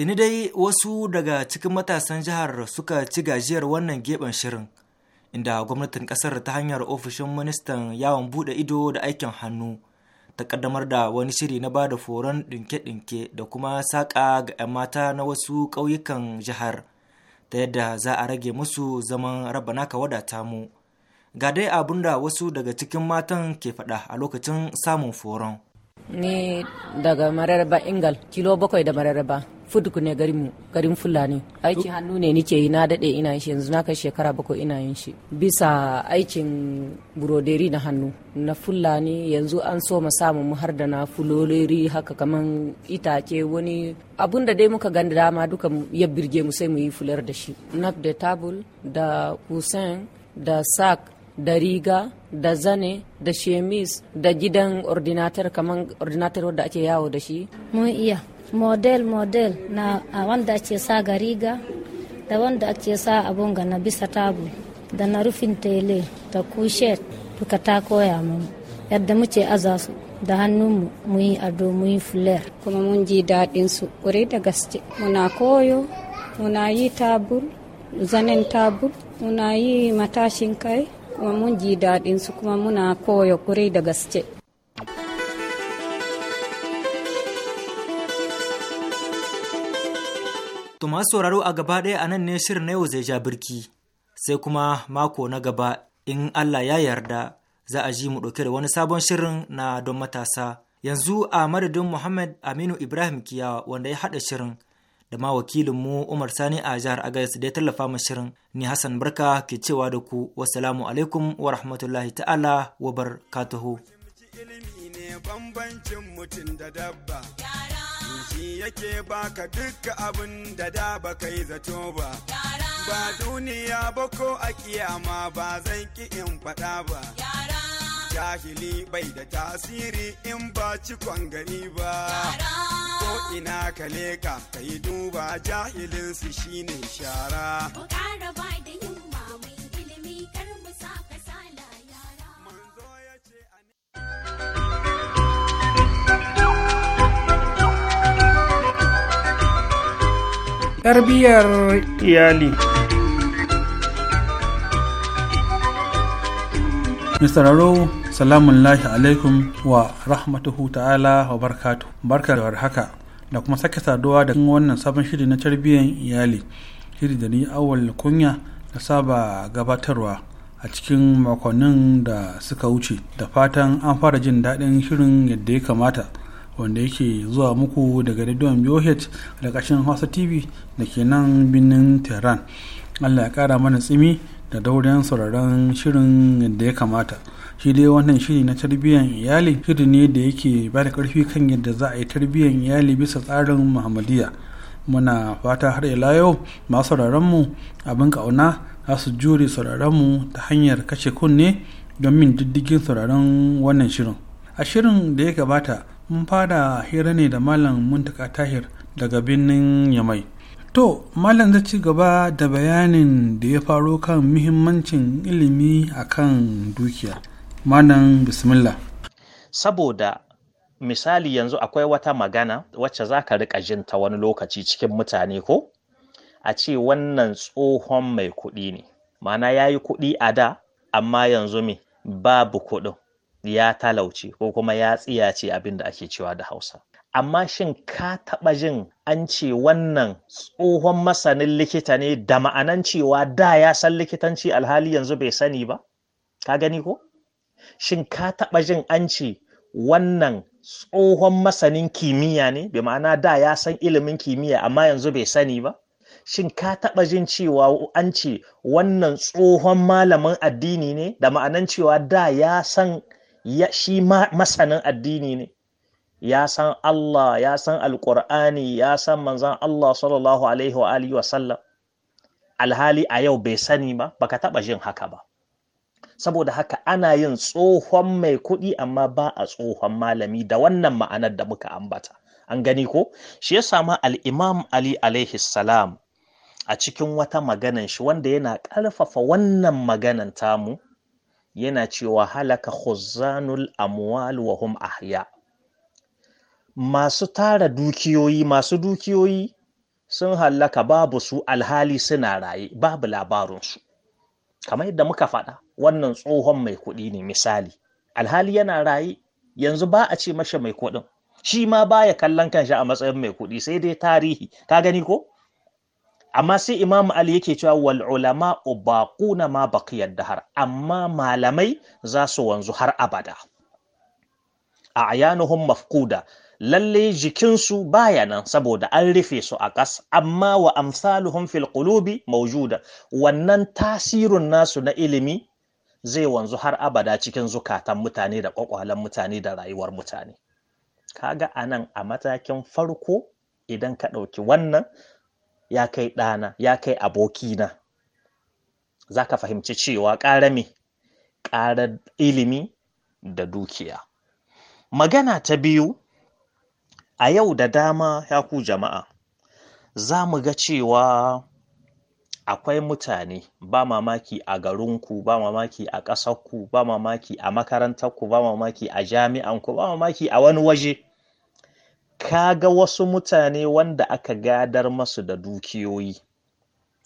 Tuni dai wasu daga cikin matasan jihar suka ci gajiyar wannan geben shirin, inda gwamnatin kasar ta hanyar ofishin ministan yawon buɗe ido da aikin hannu ta kaddamar da wani shiri na bada foron ɗinke-ɗinke da kuma saƙa ga 'yan mata na wasu ƙauyukan jihar ta yadda za a rage musu zaman raba naka wadata mu. Ga dai abin wasu daga cikin matan ke faɗa a lokacin samun foron. ni daga mararaba ingal kilo bakwai da mararaba fuduku ne garinmu garin fulani aiki hannu ne nike yi na daɗe ina shi yanzu na shekara bakwai ina yin shi bisa aikin buroderi na hannu na fulani yanzu an so ma samu mu har da na fuloleri haka kaman itace wani abun da dai muka ganda dama duka ya birge mu sai mu yi fular da shi nap de tabul da kusin, da sak da riga da zane da shemis da gidan ordinator kamar ordinator wadda ake yawo da shi mun iya model model na wanda ake sa ga riga da wanda ake sa abun ga na bisa tabu da na rufin tele da kushet duka ta koya mun yadda muke aza su da hannunmu mu yi ado mu yi fuler kuma mun ji daɗin su ƙure da gaske muna koyo muna yi tabur zanen tabur muna yi matashin kai kuma mun ji daɗin su kuma muna koya kurai da gaske. tuma sauraro a gaba ɗaya a nan ne shirin na yau zai ja birki sai kuma mako na gaba in Allah ya yarda za a ji mu ɗauke da wani sabon shirin na don matasa. Yanzu a madadin Muhammad Aminu Ibrahim Kiyawa wanda ya haɗa shirin da ma wakilinmu Umar Sani a jihar Agadez da ya tallafa mu shirin. Ni Hassan Barka ke cewa da ku wassalamu alaikum wa rahmatullahi ta'ala wa barakatuhu. Ilimi ne bambancin mutum da dabba. Shi yake baka dukka abin da da baka yi zato ba. Ba duniya ba ko a kiyama ba zan ki in faɗa ba. jahili bai da tasiri in ba cikon gani ba ko ina ka ka yi duba jahilin su shine shara tarbiyyar iyali Mr. Arrow. Assalamu alaikum wa rahmatuhu ta'ala wa barkatu barka da haka da kuma sake saduwa da wannan sabon shiri na tarbiyyar iyali shiri da ni awal kunya da saba gabatarwa a cikin makonnin da suka wuce da fatan an fara jin daɗin shirin yadda ya kamata wanda yake zuwa muku daga rediyon BOH da ƙashin Hausa TV da ke nan birnin Tehran. Allah ya kara mana tsimi da daurin sauraron shirin yadda ya kamata. shi dai wannan shiri na tarbiyyar iyali shiri ne da yake ba da karfi kan yadda za a yi tarbiyyar iyali bisa tsarin muhammadiyya muna fata har ila yau masu mu abin kauna za su jure mu ta hanyar kashe kunne don min diddigin sauraron wannan shirin a shirin da ya gabata mun fara hira ne da malam muntaka tahir daga birnin yamai To, Malam zai ci gaba da bayanin da ya faro kan muhimmancin ilimi a kan dukiya. manan bismillah saboda misali yanzu akwai wata magana wacce za ka riƙa jin ta wani lokaci cikin mutane ko a ce wannan tsohon mai kuɗi ne mana ya yi kuɗi a da amma yanzu me babu kuɗin ya talauci ko kuma ya tsiyace abin da ake cewa da hausa amma shin ka taɓa jin an ce wannan tsohon masanin likita ne da ma'anan cewa da ya san likitanci alhali yanzu bai sani ba ka gani ko shin ka taɓa jin an ce wannan tsohon masanin kimiyya ne bi ma'ana da ya san ilimin kimiyya amma yanzu bai sani ba shin ka taɓa jin cewa an ce wannan tsohon malamin addini ne da ma'anan cewa da ya san shi masanin addini ne ya san Allah ya san alƙur'ani ya san manzan Allah sallallahu alaihi wa alihi wa sallam alhali a yau bai sani ba baka taɓa jin haka ba saboda haka ana yin tsohon mai kuɗi amma ba a tsohon malami da wannan ma'anar da muka ambata an gani ko shi ya al al'imam ali alaihi salam a cikin wata maganan shi wanda yana ƙarfafa wannan maganan tamu yana cewa halaka khuzanul amwal wa hum ahya masu tara dukiyoyi masu dukiyoyi sun hallaka babu su alhali suna raye babu labarinsu kamar yadda muka faɗa wannan tsohon mai kuɗi ne misali alhali yana raye yanzu ba a ce mashi mai kuɗin shi ma baya kallon kanshi a matsayin mai kuɗi sai dai tarihi ka gani ko amma sai imam ali yake cewa wal ulama ubaquna ma baqiyad dahar amma malamai za su wanzu har abada a ayanuhum mafquda lalle jikinsu baya nan saboda an rufe su a kas amma wa amsaluhum fil qulubi mawjuda wannan tasirin nasu na ilimi zai wanzu har abada cikin zukatan mutane da kwakwalen mutane da rayuwar mutane kaga a nan a matakin farko idan ka ɗauki wannan ya kai ɗana ya kai abokina za ka fahimci cewa ƙara me Ƙara ilimi da dukiya magana ta biyu a yau da dama ya ku jama'a za mu ga cewa akwai mutane ba mamaki a garinku ba mamaki a ƙasarku ba mamaki a makarantarku ba mamaki a jami'anku ba mamaki a wani waje ka ga wasu mutane wanda aka gadar masu da dukiyoyi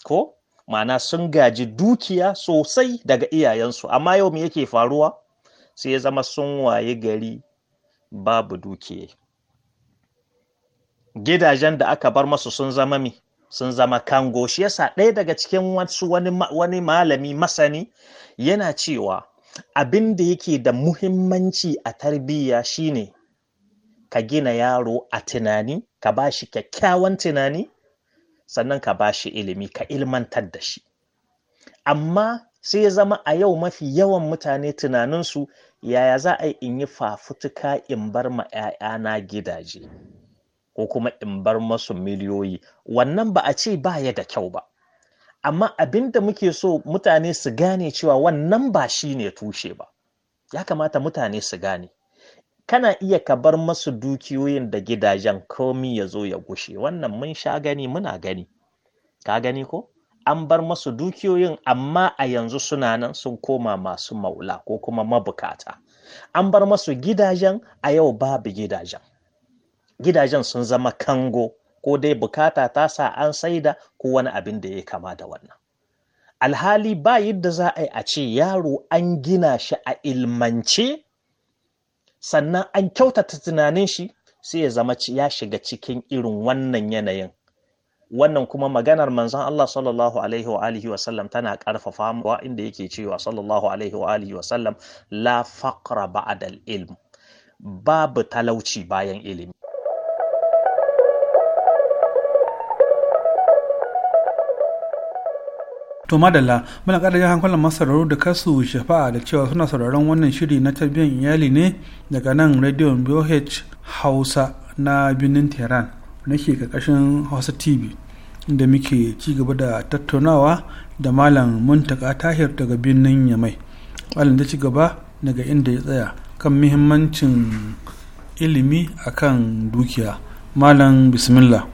ko mana sun gaji dukiya sosai daga iyayensu amma yau me yake faruwa sai ya zama sun waye gari babu dukiya gidajen da aka bar masu sun zama me sun zama kango shi yasa ɗaya daga cikin wasu wani malami masani yana cewa abin da yake da muhimmanci a tarbiyya shine ka gina yaro a tunani ka ba shi kyakkyawan tunani sannan ka ba shi ilimi ka ilmantar da shi amma sai ya zama a yau mafi yawan mutane tunaninsu yaya za a yi in yi fafutuka in bar ma 'ya'yana gidaje ko kuma in bar masu miliyoyi wannan ba a ce ba ya da kyau ba amma abin da muke so mutane su gane cewa wannan ba shi ne tushe ba ya kamata mutane su gane kana iya ka bar masu dukiyoyin da gidajen komi ya zo ya gushe wannan mun sha gani muna gani ka gani ko an bar masu dukiyoyin amma a yanzu suna nan sun koma masu maula ko kuma mabukata an bar masu gidajen a yau babu gidajen gidajen sun zama kango ko dai bukata ta sa an saida ko wani abin da ya kama da wannan alhali ba yadda za a yi a ce yaro an gina shi a ilmance sannan an kyautata tunanin shi sai ya zama ya shiga cikin irin wannan yanayin wannan kuma maganar manzon Allah sallallahu alaihi wa alihi wa sallam tana karfafa wa inda yake cewa sallallahu alaihi wa alihi wa sallam la faqra ba'da al-ilm babu talauci bayan ilimi To madalla muna ƙara jan hankalin masararru da kasu shafa'a da cewa suna sauraron wannan shiri na tarbiyyar iyali ne daga nan rediyon BOH Hausa na birnin Tehran na ke ƙarƙashin Hausa TV inda muke ci gaba da tattaunawa da Malam Muntaka Tahir daga birnin Yamai. Malam ta ci daga inda ya tsaya kan muhimmancin ilimi akan dukiya. Malam Bismillah.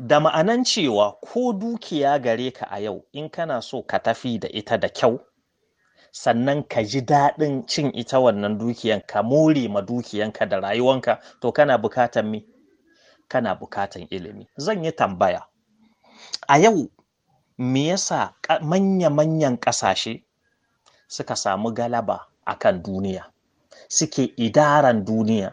da ma'anan cewa ko dukiya gare ka a yau in kana so ka tafi da ita da kyau sannan ka ji daɗin cin ita wannan dukiyan ka more ma dukiyanka da rayuwanka to kana bukatan me kana bukatan ilimi zan yi tambaya a yau me yasa manya-manyan ƙasashe suka samu galaba akan duniya suke idaran duniya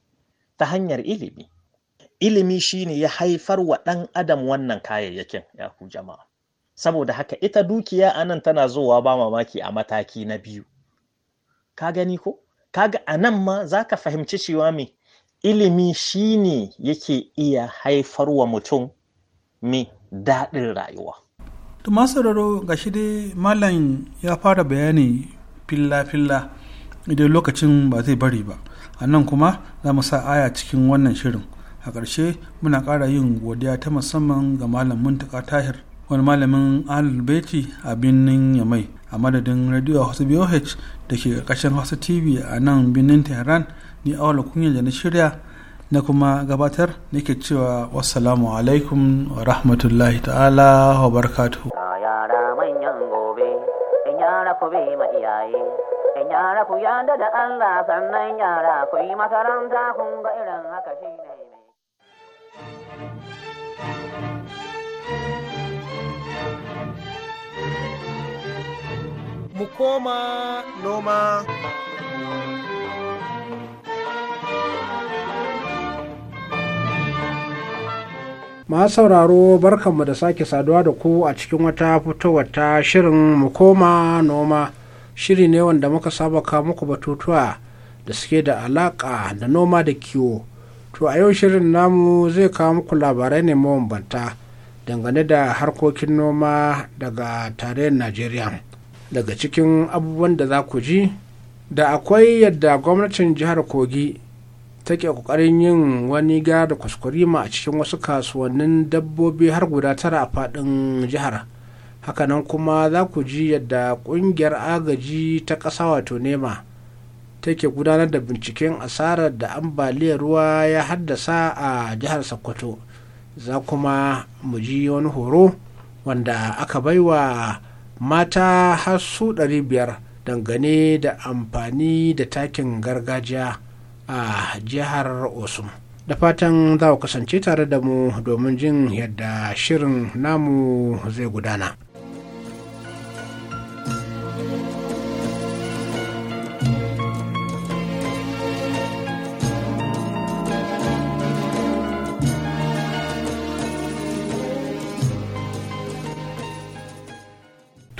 ta hanyar ilimi ilimi shine ya haifar wa ɗan adam wannan kayayyakin ya ku jama'a saboda haka ita dukiya a nan tana zuwa ba mamaki a mataki na biyu ka gani ko kaga a nan ma za ka fahimci cewa me ilimi ne yake iya haifar wa mutum me daɗin rayuwa to masu raro ga shi dai malam ya fara bayani filla-filla idan lokacin ba zai bari ba a nan kuma za mu sa aya cikin wannan shirin a ƙarshe muna ƙara yin godiya ta musamman ga malam muntaka tahir wani malamin alibeti a birnin yamai a madadin radio hausa boh da ke ƙarƙashin hausa tv a nan birnin tehran ni awala kunya da na shirya na kuma gabatar nake cewa wassalamu alaikum wa rahmatullahi ta'ala wa barkatu. manyan ma iyaye Yara ku yada da Allah sannan yara ku yi makaranta kun ga irin haka shi ne. Mu koma noma. masu sauraro barkanmu da sake saduwa da ku a cikin wata fitowar ta shirin mu koma noma shiri ne wanda muka saba kawo muku batutuwa da suke da alaƙa da noma da kiwo to a yau shirin namu zai kawo muku labarai ne mabambanta dangane da harkokin noma daga tarayyar najeriya daga cikin abubuwan da za ku ji da akwai yadda gwamnatin jihar kogi take kokarin yin wani gara da kuskurima a cikin wasu kasuwannin dabbobi har guda tara a faɗin jihar hakanan kuma za ku ji yadda kungiyar agaji ta ƙasa wato nema take gudanar da binciken asarar da ambaliyar ruwa ya haddasa a jihar sokoto za kuma mu ji wani horo wanda aka baiwa mata har su biyar dangane da amfani da takin gargajiya a jihar osun da fatan za ku kasance tare da mu domin jin yadda shirin namu zai gudana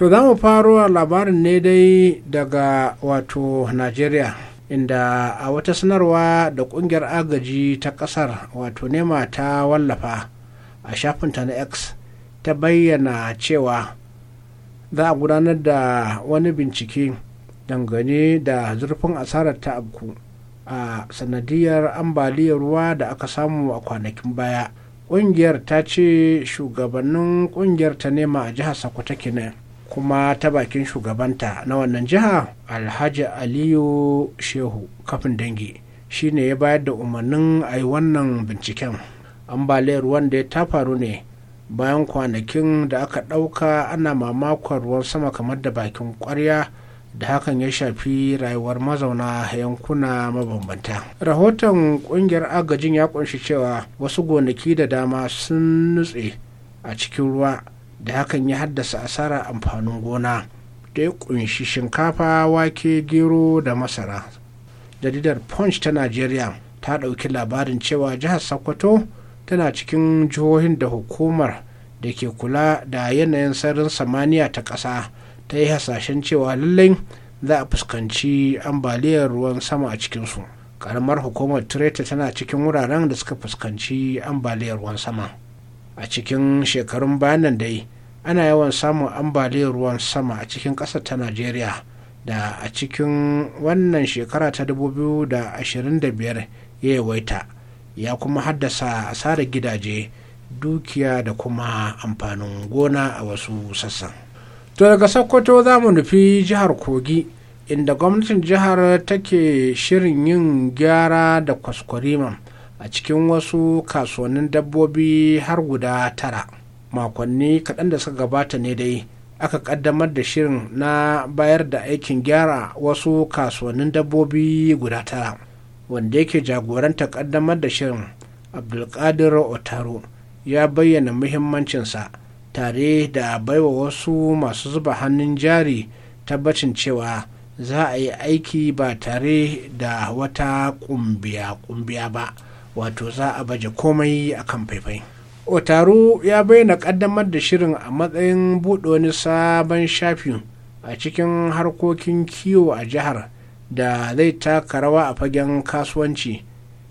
to za mu faro labarin ne dai daga wato najeriya inda a wata sanarwa da kungiyar agaji ta kasar wato nema ta wallafa a shafinta na x ta bayyana cewa za a gudanar da wani bincike dangane da zurfin asarar ta abku a sanadiyar ambaliyar ruwa da aka samu a kwanakin baya ƙungiyar ta ce shugabannin ƙungiyar ta nema a jihar sokoto kenan kuma ta bakin shugabanta na wannan jiha alhaji aliyu shehu kafin dangi shine ya bayar da umarnin a yi wannan binciken ambaliyar wanda ya ta faru ne bayan kwanakin da aka ɗauka ana mamakon ruwan sama kamar da bakin kwarya, da hakan ya shafi rayuwar mazauna yankuna mabambanta. Rahoton kungiyar agajin ya kunshi cewa wasu gonaki da dama sun nutse a cikin ruwa da hakan ya haddasa asara amfanin gona da ya kunshi shinkafa wake gero da masara jaridar punch ta nigeria ta ɗauki labarin cewa jihar sokoto tana cikin jihohin da hukumar da ke kula da yanayin sararin samaniya ta ƙasa ta yi hasashen cewa lallai za a fuskanci ambaliyar ruwan sama a cikinsu karamar hukumar tireta tana cikin wuraren da suka fuskanci ambaliyar ruwan sama a cikin shekarun bayanan dai ana yawan samun ambaliyar ruwan sama a cikin ƙasar ta najeriya da a cikin wannan shekara ta 2025 ya yawaita ya kuma haddasa asarar gidaje dukiya da kuma amfanin gona a wasu sassan to daga sokoto za mu nufi jihar kogi inda gwamnatin jihar take shirin yin gyara da kwaskwariman a cikin wasu kasuwannin dabbobi har guda tara makonni kaɗan da suka gabata ne dai aka ƙaddamar da shirin na bayar da aikin gyara wasu kasuwannin dabbobi guda tara wanda yake jagoranta ƙaddamar da shirin abdulkadir otaro ya bayyana muhimmancinsa tare da baiwa wasu masu zuba hannun jari tabbacin cewa za a yi aiki ba tare da wata ƙumbiya kumbiya ba wato za a baje komai a kan faifai otaru ya bayyana kaddamar da shirin a matsayin buɗe wani sabon shafi a cikin harkokin kiwo a jihar da zai taka rawa a fagen kasuwanci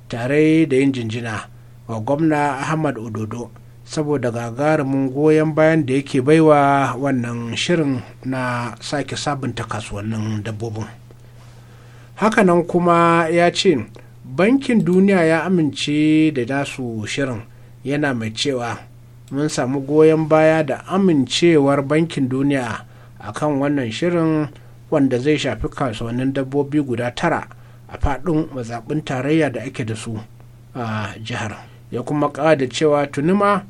tare da yin jinjina wa gwamna ahmad ododo saboda gagarumin goyon bayan da yake baiwa wannan shirin na sake sabunta kasuwannin dabbobin hakanan kuma ya ce bankin duniya ya amince da nasu shirin yana mai cewa mun samu goyon baya da amincewar bankin duniya akan wannan shirin wanda zai shafi kasuwannin dabbobi guda tara a faɗin mazaɓin tarayya da ake da su a jihar ya kuma da cewa tuni ma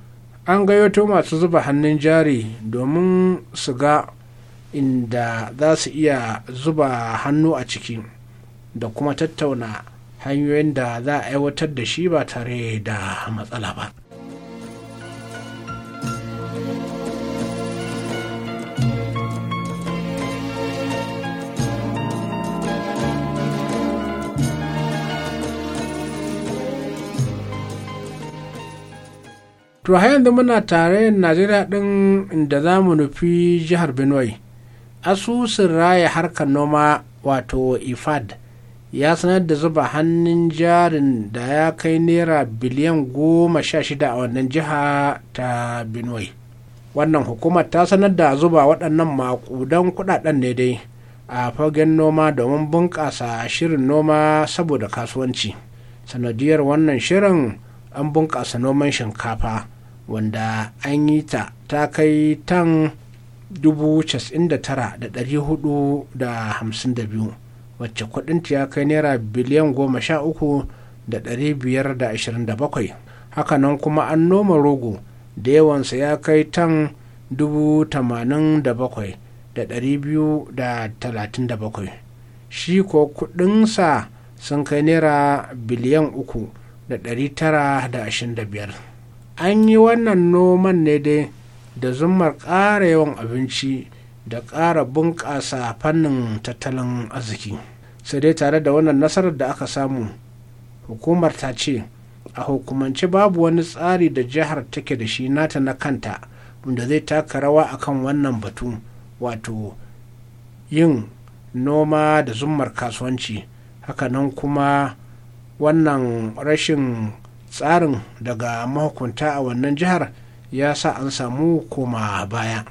an gayyato masu zuba hannun jari domin su ga inda za su iya zuba hannu a ciki da kuma tattauna hanyoyin da za a aiwatar da shi ba tare da matsala ba to yanzu muna tare najeriya din inda za mu nufi jihar benue asusun raya harkar noma wato ifad ya sanar da zuba hannun jarin da ya kai naira biliyan goma sha shida a wannan jiha ta benue wannan hukumar ta sanar da zuba waɗannan maƙudan kuɗaɗen ne dai a fagen noma domin bunƙasa shirin noma saboda kasuwanci sanadiyar wannan shirin an bunƙasa noman shinkafa wanda an yi ta ta kai tan 99,452 wacce kudinta ya kai naira biliyan goma sha uku da ɗari biyar da ashirin da bakwai hakanan kuma an noma rogo da yawansa ya kai tan dubu tamanin da bakwai da ɗari biyu da talatin da bakwai shi ko kudinsa sun kai naira biliyan uku da ɗari tara da ashirin da biyar an yi wannan noman ne dai da zumar ƙara yawan abinci da ƙara bunƙasa fannin tattalin arziki. sai dai tare da wannan nasarar da aka samu hukumar ta ce a hukumance babu wani tsari da jihar take da shi nata na kanta wanda zai taka rawa akan wannan batu wato yin noma da zummar kasuwanci hakanan kuma wannan rashin tsarin daga mahukunta a wannan jihar ya sa an samu koma baya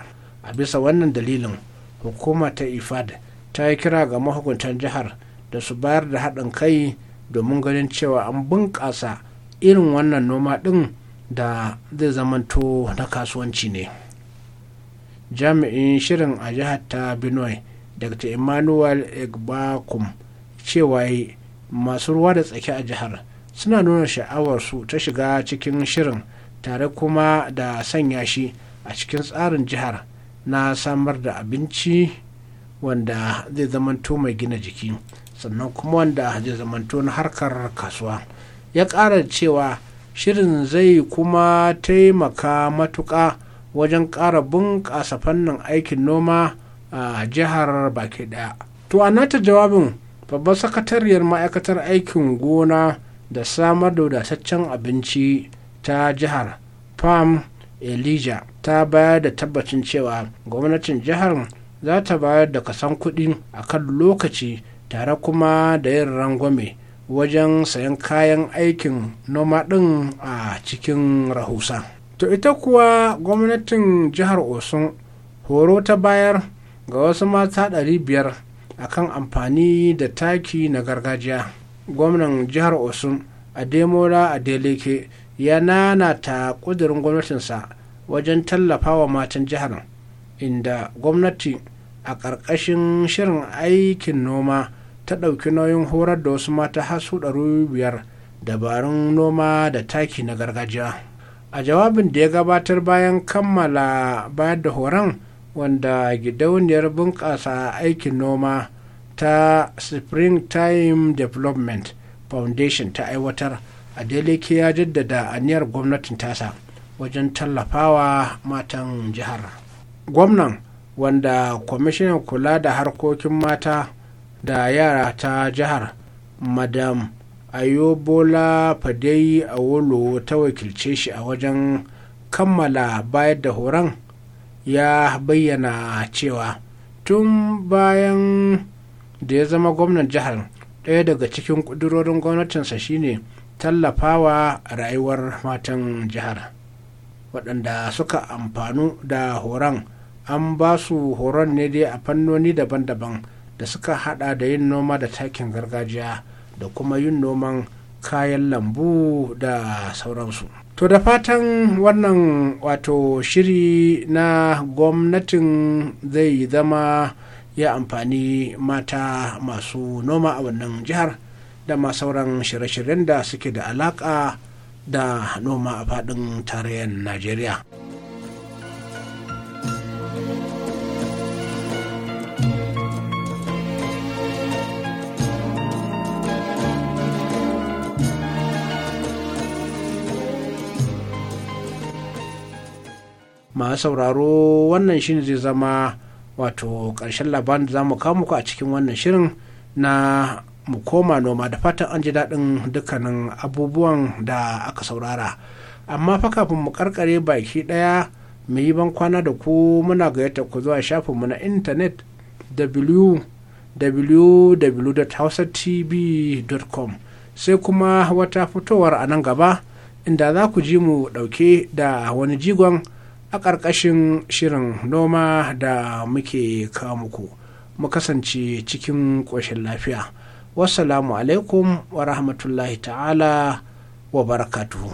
a bisa wannan dalilin hukuma ta ifad ta yi kira ga mahukuntan jihar da su bayar da haɗin kai domin ganin cewa an bunƙasa irin wannan noma ɗin da zai zamanto na kasuwanci ne jami'in shirin a jihar ta benue dr emmanuel egbakum cewa masu ruwa da tsaki a jihar suna nuna sha'awarsu ta shiga cikin shirin tare kuma da sanya shi a cikin tsarin jihar na samar da abinci wanda zai zamanto mai gina jiki sannan kuma wanda zai zamanto na harkar kasuwa ya ƙara cewa shirin zai kuma taimaka matuƙa wajen ƙara bunƙasa fannin aikin noma a jihar baki ɗaya to a nata jawabin babban sakatariyar ma'aikatar aikin gona da samar da wadataccen abinci ta jihar pam elijah ta bayar da tabbacin cewa gwamnatin jihar za ta bayar da kasan kuɗi a kan lokaci tare kuma da yin rangwame wajen sayan kayan aikin noma ɗin a cikin rahusa to ita kuwa gwamnatin jihar osun horo ta bayar ga wasu mata ɗari biyar a kan amfani da taki na gargajiya gwamnan jihar osun a a Deleke ya nana ta ƙudurin gwamnatinsa wajen tallafa wa matan jihar inda gwamnati a ƙarƙashin shirin aikin noma ta ɗauki nauyin horar da wasu mata hasu biyar dabarun noma da taki na gargajiya a jawabin da ya gabatar bayan kammala bayar da horon wanda gidauniyar bunƙasa aikin noma ta time development foundation ta aiwatar a deleke ya jaddada aniyar gwamnatin tasa wajen tallafawa matan jihar. gwamnan wanda kwamishinan kula da harkokin mata da yara ta jihar madam ayobola fadai wolo ta wakilce shi a wajen kammala bayar da horon ya bayyana cewa tun bayan da ya zama gwamnan jihar ɗaya daga cikin ƙudurorin gwamnatinsa shine tallafawa rayuwar matan jihar waɗanda suka amfanu da horon an ba su horon ne dai a fannoni daban-daban da suka hada da yin noma da takin gargajiya da kuma yin noman kayan lambu da sauransu to da fatan wannan wato shiri na gwamnatin zai zama ya amfani mata masu noma a wannan jihar da ma sauran shirye-shiryen da suke da alaka da noma a faɗin tarayyar najeriya. masu sauraro wannan shine zai zama wato ƙarshen labarin da za mu kawo muku a cikin wannan shirin na mu koma noma da fatan an ji daɗin dukkanin abubuwan da aka saurara amma fa kafin mu karkare baki ɗaya mu yi ban kwana da ku muna gayyata ku zuwa shafin mu na intanet www.hausatv.com sai kuma wata fitowar a nan gaba inda za ku ji mu ɗauke da wani jigon a ƙarƙashin shirin noma da muke muku mu kasance cikin ƙoshin lafiya wassalamu alaikum wa rahmatullahi ta'ala wa barakatuhu